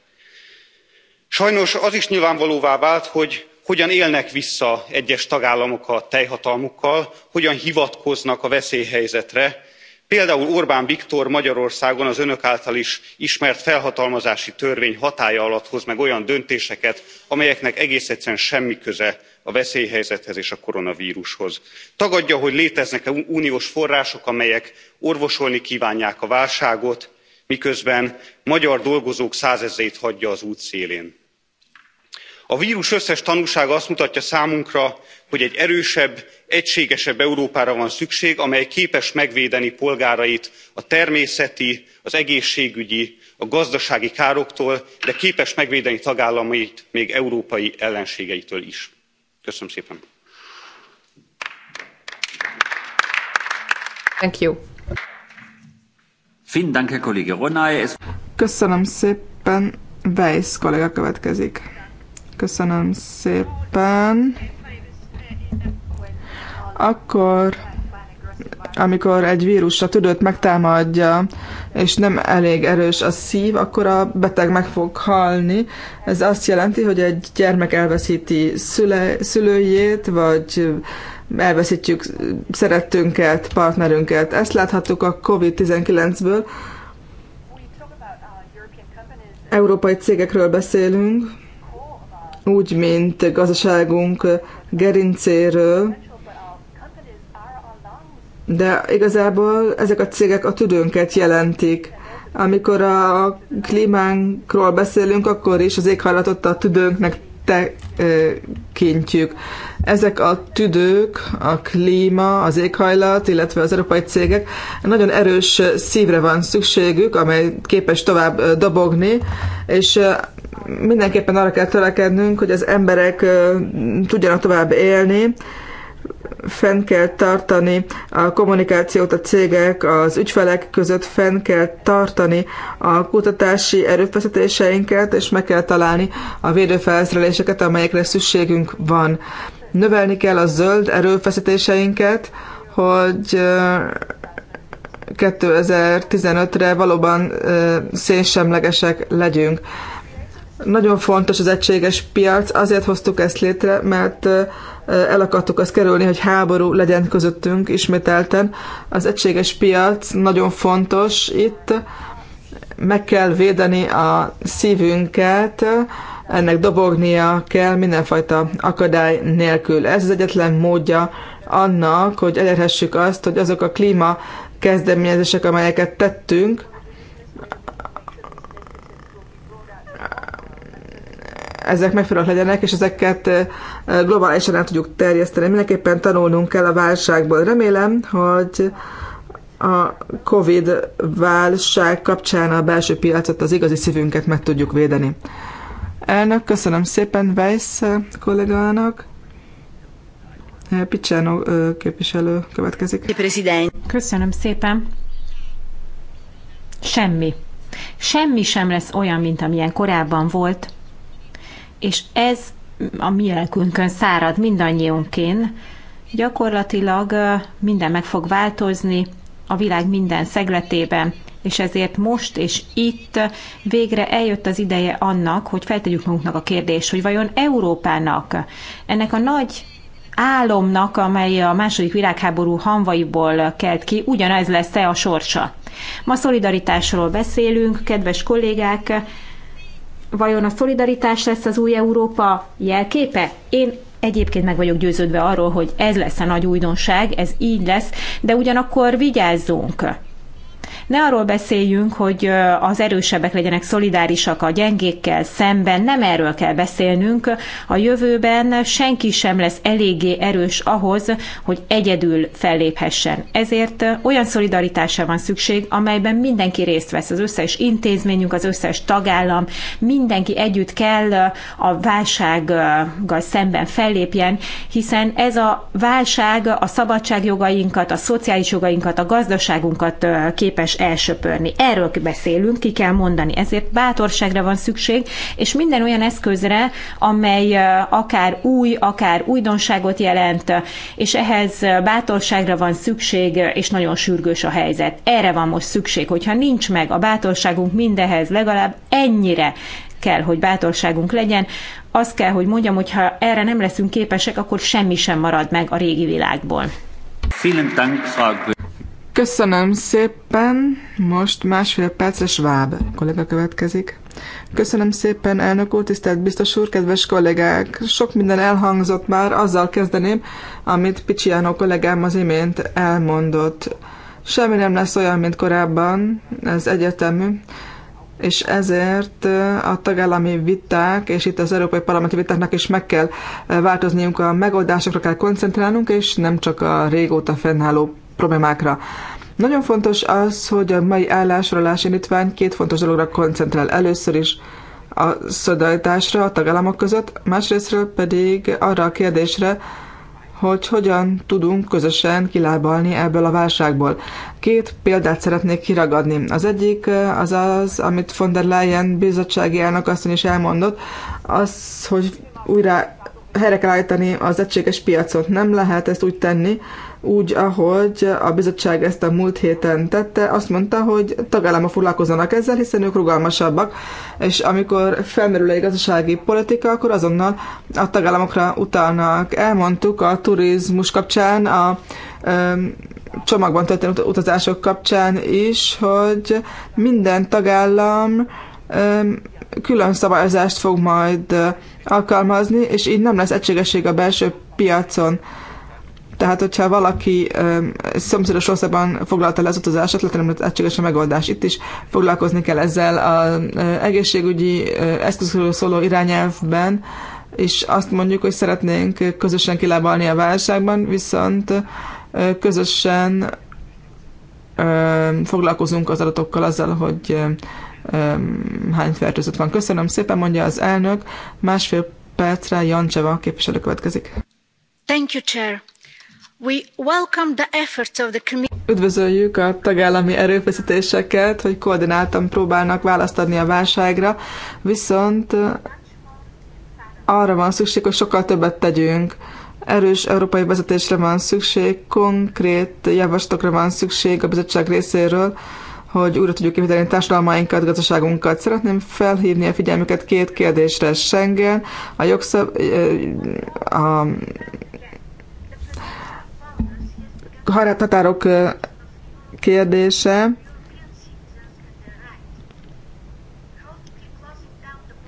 sajnos az is nyilvánvalóvá vált hogy hogyan élnek vissza egyes tagállamok a teljhatalmukkal hogyan hivatkoznak a veszélyhelyzetre például orbán viktor magyarországon az önök által is ismert felhatalmazási törvény hatálya alatt hoz meg olyan döntéseket amelyeknek egész egyszerűen semmi köze a veszélyhelyzethez és a koronavrushoz. tagadja hogy léteznek uniós források amelyek orvosolni kvánják a válságot miközben magyar dolgozók százezreit hagyja az út szélén a vrus összes tanúsága azt mutatja számunkra hogy egy erősebb egységesebb európára van szükség amely képes megvédeni polgárait a természeti az egészségügyi a gazdasági károktól de képes megvédeni tagállamait még európai ellenségeitől is. köszönöm szépen! Thank you. Köszönöm szépen, Weiss kollega következik. Köszönöm szépen. Akkor, amikor egy vírus a tüdőt megtámadja, és nem elég erős a szív, akkor a beteg meg fog halni. Ez azt jelenti, hogy egy gyermek elveszíti szüle, szülőjét, vagy elveszítjük szerettünket, partnerünket. Ezt láthattuk a COVID-19-ből. Európai cégekről beszélünk, úgy, mint gazdaságunk gerincéről, de igazából ezek a cégek a tüdőnket jelentik. Amikor a klímánkról beszélünk, akkor is az éghajlatot a tüdőnknek tekintjük. Ezek a tüdők, a klíma, az éghajlat, illetve az európai cégek nagyon erős szívre van szükségük, amely képes tovább dobogni, és mindenképpen arra kell törekednünk, hogy az emberek tudjanak tovább élni, fenn kell tartani a kommunikációt a cégek, az ügyfelek között, fenn kell tartani a kutatási erőfeszítéseinket, és meg kell találni a védőfelszereléseket, amelyekre szükségünk van. Növelni kell a zöld erőfeszítéseinket, hogy 2015-re valóban szénsemlegesek legyünk. Nagyon fontos az egységes piac, azért hoztuk ezt létre, mert el akartuk azt kerülni, hogy háború legyen közöttünk ismételten. Az egységes piac nagyon fontos itt, meg kell védeni a szívünket, ennek dobognia kell mindenfajta akadály nélkül. Ez az egyetlen módja annak, hogy elérhessük azt, hogy azok a klíma kezdeményezések, amelyeket tettünk, ezek megfelelők legyenek, és ezeket globálisan el tudjuk terjeszteni. Mindenképpen tanulnunk kell a válságból. Remélem, hogy a Covid válság kapcsán a belső piacot, az igazi szívünket meg tudjuk védeni. Elnök, köszönöm szépen Weiss kollégának. Picsánó képviselő következik. Köszönöm szépen. Semmi. Semmi sem lesz olyan, mint amilyen korábban volt, és ez a mi lelkünkön szárad mindannyiunkén, gyakorlatilag minden meg fog változni a világ minden szegletében, és ezért most és itt végre eljött az ideje annak, hogy feltegyük magunknak a kérdés, hogy vajon Európának, ennek a nagy álomnak, amely a második világháború hanvaiból kelt ki, ugyanez lesz-e a sorsa. Ma szolidaritásról beszélünk, kedves kollégák, Vajon a szolidaritás lesz az új Európa jelképe? Én egyébként meg vagyok győződve arról, hogy ez lesz a nagy újdonság, ez így lesz, de ugyanakkor vigyázzunk ne arról beszéljünk, hogy az erősebbek legyenek szolidárisak a gyengékkel szemben, nem erről kell beszélnünk. A jövőben senki sem lesz eléggé erős ahhoz, hogy egyedül felléphessen. Ezért olyan szolidaritásra van szükség, amelyben mindenki részt vesz, az összes intézményünk, az összes tagállam, mindenki együtt kell a válsággal szemben fellépjen, hiszen ez a válság a szabadságjogainkat, a szociális jogainkat, a gazdaságunkat képes elsöpörni. Erről beszélünk, ki kell mondani. Ezért bátorságra van szükség, és minden olyan eszközre, amely akár új, akár újdonságot jelent, és ehhez bátorságra van szükség, és nagyon sürgős a helyzet. Erre van most szükség, hogyha nincs meg a bátorságunk mindehez, legalább ennyire kell, hogy bátorságunk legyen. Azt kell, hogy mondjam, hogy ha erre nem leszünk képesek, akkor semmi sem marad meg a régi világból. Köszönöm szépen. Most másfél percre Schwab kollega következik. Köszönöm szépen, elnök úr, tisztelt biztos úr, kedves kollégák! Sok minden elhangzott már, azzal kezdeném, amit Picsiano kollégám az imént elmondott. Semmi nem lesz olyan, mint korábban, ez egyetemű, és ezért eh, a tagállami viták, és itt az európai parlamenti vitáknak is meg kell eh, változniunk, a megoldásokra kell koncentrálnunk, és nem csak a régóta fennálló problémákra. Nagyon fontos az, hogy a mai állásrólás indítvány két fontos dologra koncentrál. Először is a szolidaritásra a tagállamok között, másrésztről pedig arra a kérdésre, hogy hogyan tudunk közösen kilábalni ebből a válságból. Két példát szeretnék kiragadni. Az egyik az az, amit von der Leyen bizottsági elnök asszony is elmondott, az, hogy újra helyre kell állítani az egységes piacot. Nem lehet ezt úgy tenni, úgy, ahogy a bizottság ezt a múlt héten tette, azt mondta, hogy tagállamok foglalkozzanak ezzel, hiszen ők rugalmasabbak, és amikor felmerül egy gazdasági politika, akkor azonnal a tagállamokra utalnak. Elmondtuk a turizmus kapcsán, a ö, csomagban történő utazások kapcsán is, hogy minden tagállam ö, külön szabályozást fog majd alkalmazni, és így nem lesz egységesség a belső piacon. Tehát, hogyha valaki ö, szomszédos országban foglalta le az utazását, lehet, nem egységes a megoldás. Itt is foglalkozni kell ezzel az egészségügyi eszközről szóló irányelvben, és azt mondjuk, hogy szeretnénk közösen kilábalni a válságban, viszont közösen foglalkozunk az adatokkal azzal, hogy ö, hány fertőzött van. Köszönöm szépen, mondja az elnök. Másfél percre Jancseva képviselő következik. Thank you, Chair. Üdvözöljük a tagállami erőfeszítéseket, hogy koordináltan próbálnak választ adni a válságra, viszont arra van szükség, hogy sokkal többet tegyünk. Erős európai vezetésre van szükség, konkrét javaslatokra van szükség a bizottság részéről, hogy újra tudjuk építeni társadalmainkat, gazdaságunkat. Szeretném felhívni a figyelmüket két kérdésre. Schengen, a jogszab... a határok kérdése.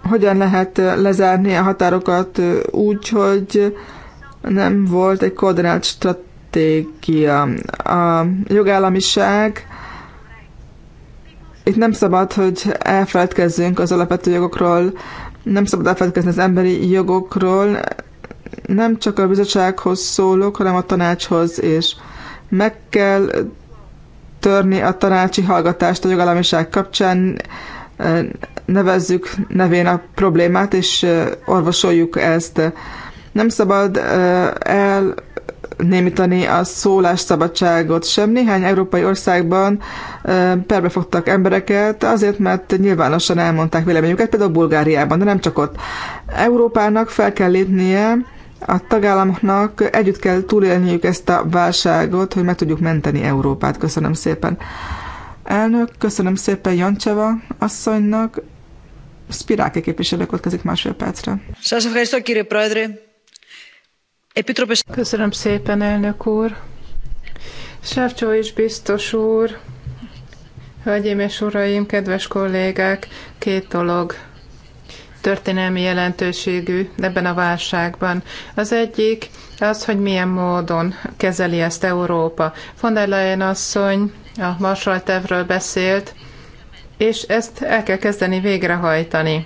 Hogyan lehet lezárni a határokat úgy, hogy nem volt egy koordinált stratégia. A jogállamiság itt nem szabad, hogy elfeledkezzünk az alapvető jogokról, nem szabad elfeledkezni az emberi jogokról, nem csak a bizottsághoz szólok, hanem a tanácshoz és meg kell törni a tanácsi hallgatást a jogállamiság kapcsán, nevezzük nevén a problémát, és orvosoljuk ezt. Nem szabad elnémítani a szólásszabadságot sem. Néhány európai országban perbefogtak embereket azért, mert nyilvánosan elmondták véleményüket, például Bulgáriában, de nem csak ott. Európának fel kell lépnie, a tagállamoknak együtt kell túlélniük ezt a válságot, hogy meg tudjuk menteni Európát. Köszönöm szépen. Elnök, köszönöm szépen Jancseva asszonynak. Spiráke képviselő következik másfél percre. Köszönöm szépen, elnök úr. Sávcsó is biztos úr. Hölgyeim és uraim, kedves kollégák, két dolog történelmi jelentőségű ebben a válságban. Az egyik az, hogy milyen módon kezeli ezt Európa. Von der Leyen asszony a Marshall Tevről beszélt, és ezt el kell kezdeni végrehajtani.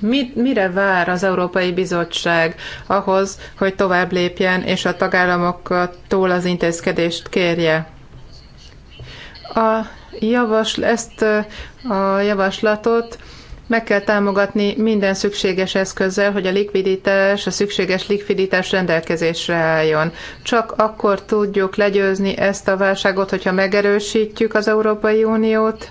Mit, mire vár az Európai Bizottság ahhoz, hogy tovább lépjen és a tagállamoktól az intézkedést kérje? A javasl- ezt a javaslatot meg kell támogatni minden szükséges eszközzel, hogy a likviditás, a szükséges likviditás rendelkezésre álljon. Csak akkor tudjuk legyőzni ezt a válságot, hogyha megerősítjük az Európai Uniót,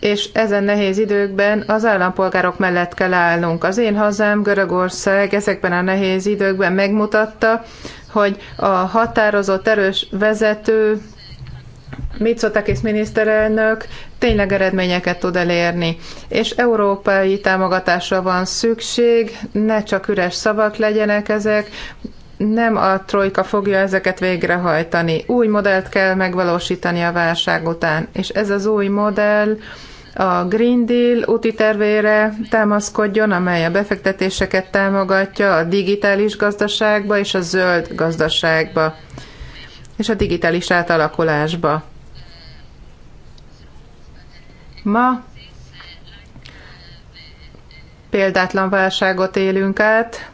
és ezen nehéz időkben az állampolgárok mellett kell állnunk. Az én hazám, Görögország ezekben a nehéz időkben megmutatta, hogy a határozott erős vezető Mitsotakis miniszterelnök tényleg eredményeket tud elérni, és európai támogatásra van szükség, ne csak üres szavak legyenek ezek, nem a trojka fogja ezeket végrehajtani. Új modellt kell megvalósítani a válság után, és ez az új modell a Green Deal úti tervére támaszkodjon, amely a befektetéseket támogatja a digitális gazdaságba és a zöld gazdaságba és a digitális átalakulásba. Ma példátlan válságot élünk át,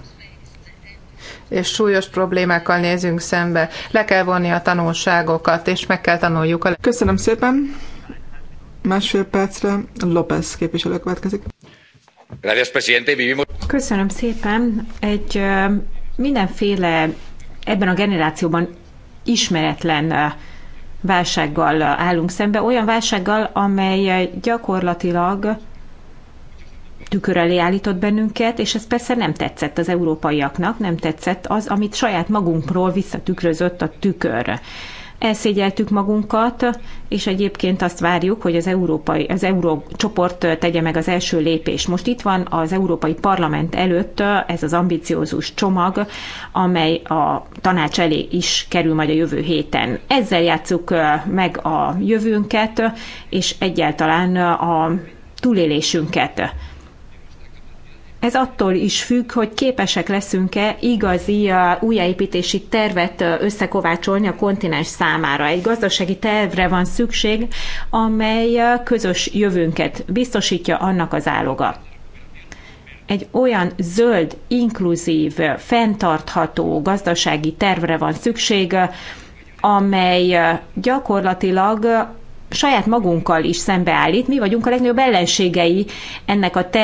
és súlyos problémákkal nézünk szembe. Le kell vonni a tanulságokat, és meg kell tanuljuk a... Köszönöm szépen! Másfél percre López képviselő következik. Köszönöm szépen! Egy mindenféle ebben a generációban ismeretlen válsággal állunk szembe, olyan válsággal, amely gyakorlatilag tükör elé állított bennünket, és ez persze nem tetszett az európaiaknak, nem tetszett az, amit saját magunkról visszatükrözött a tükör elszégyeltük magunkat, és egyébként azt várjuk, hogy az, európai, az csoport tegye meg az első lépés. Most itt van az Európai Parlament előtt ez az ambiciózus csomag, amely a tanács elé is kerül majd a jövő héten. Ezzel játsszuk meg a jövőnket, és egyáltalán a túlélésünket. Ez attól is függ, hogy képesek leszünk-e igazi újjáépítési tervet összekovácsolni a kontinens számára. Egy gazdasági tervre van szükség, amely közös jövőnket biztosítja annak az áloga egy olyan zöld, inkluzív, fenntartható gazdasági tervre van szükség, amely gyakorlatilag saját magunkkal is szembeállít. Mi vagyunk a legnagyobb ellenségei ennek a tervnek.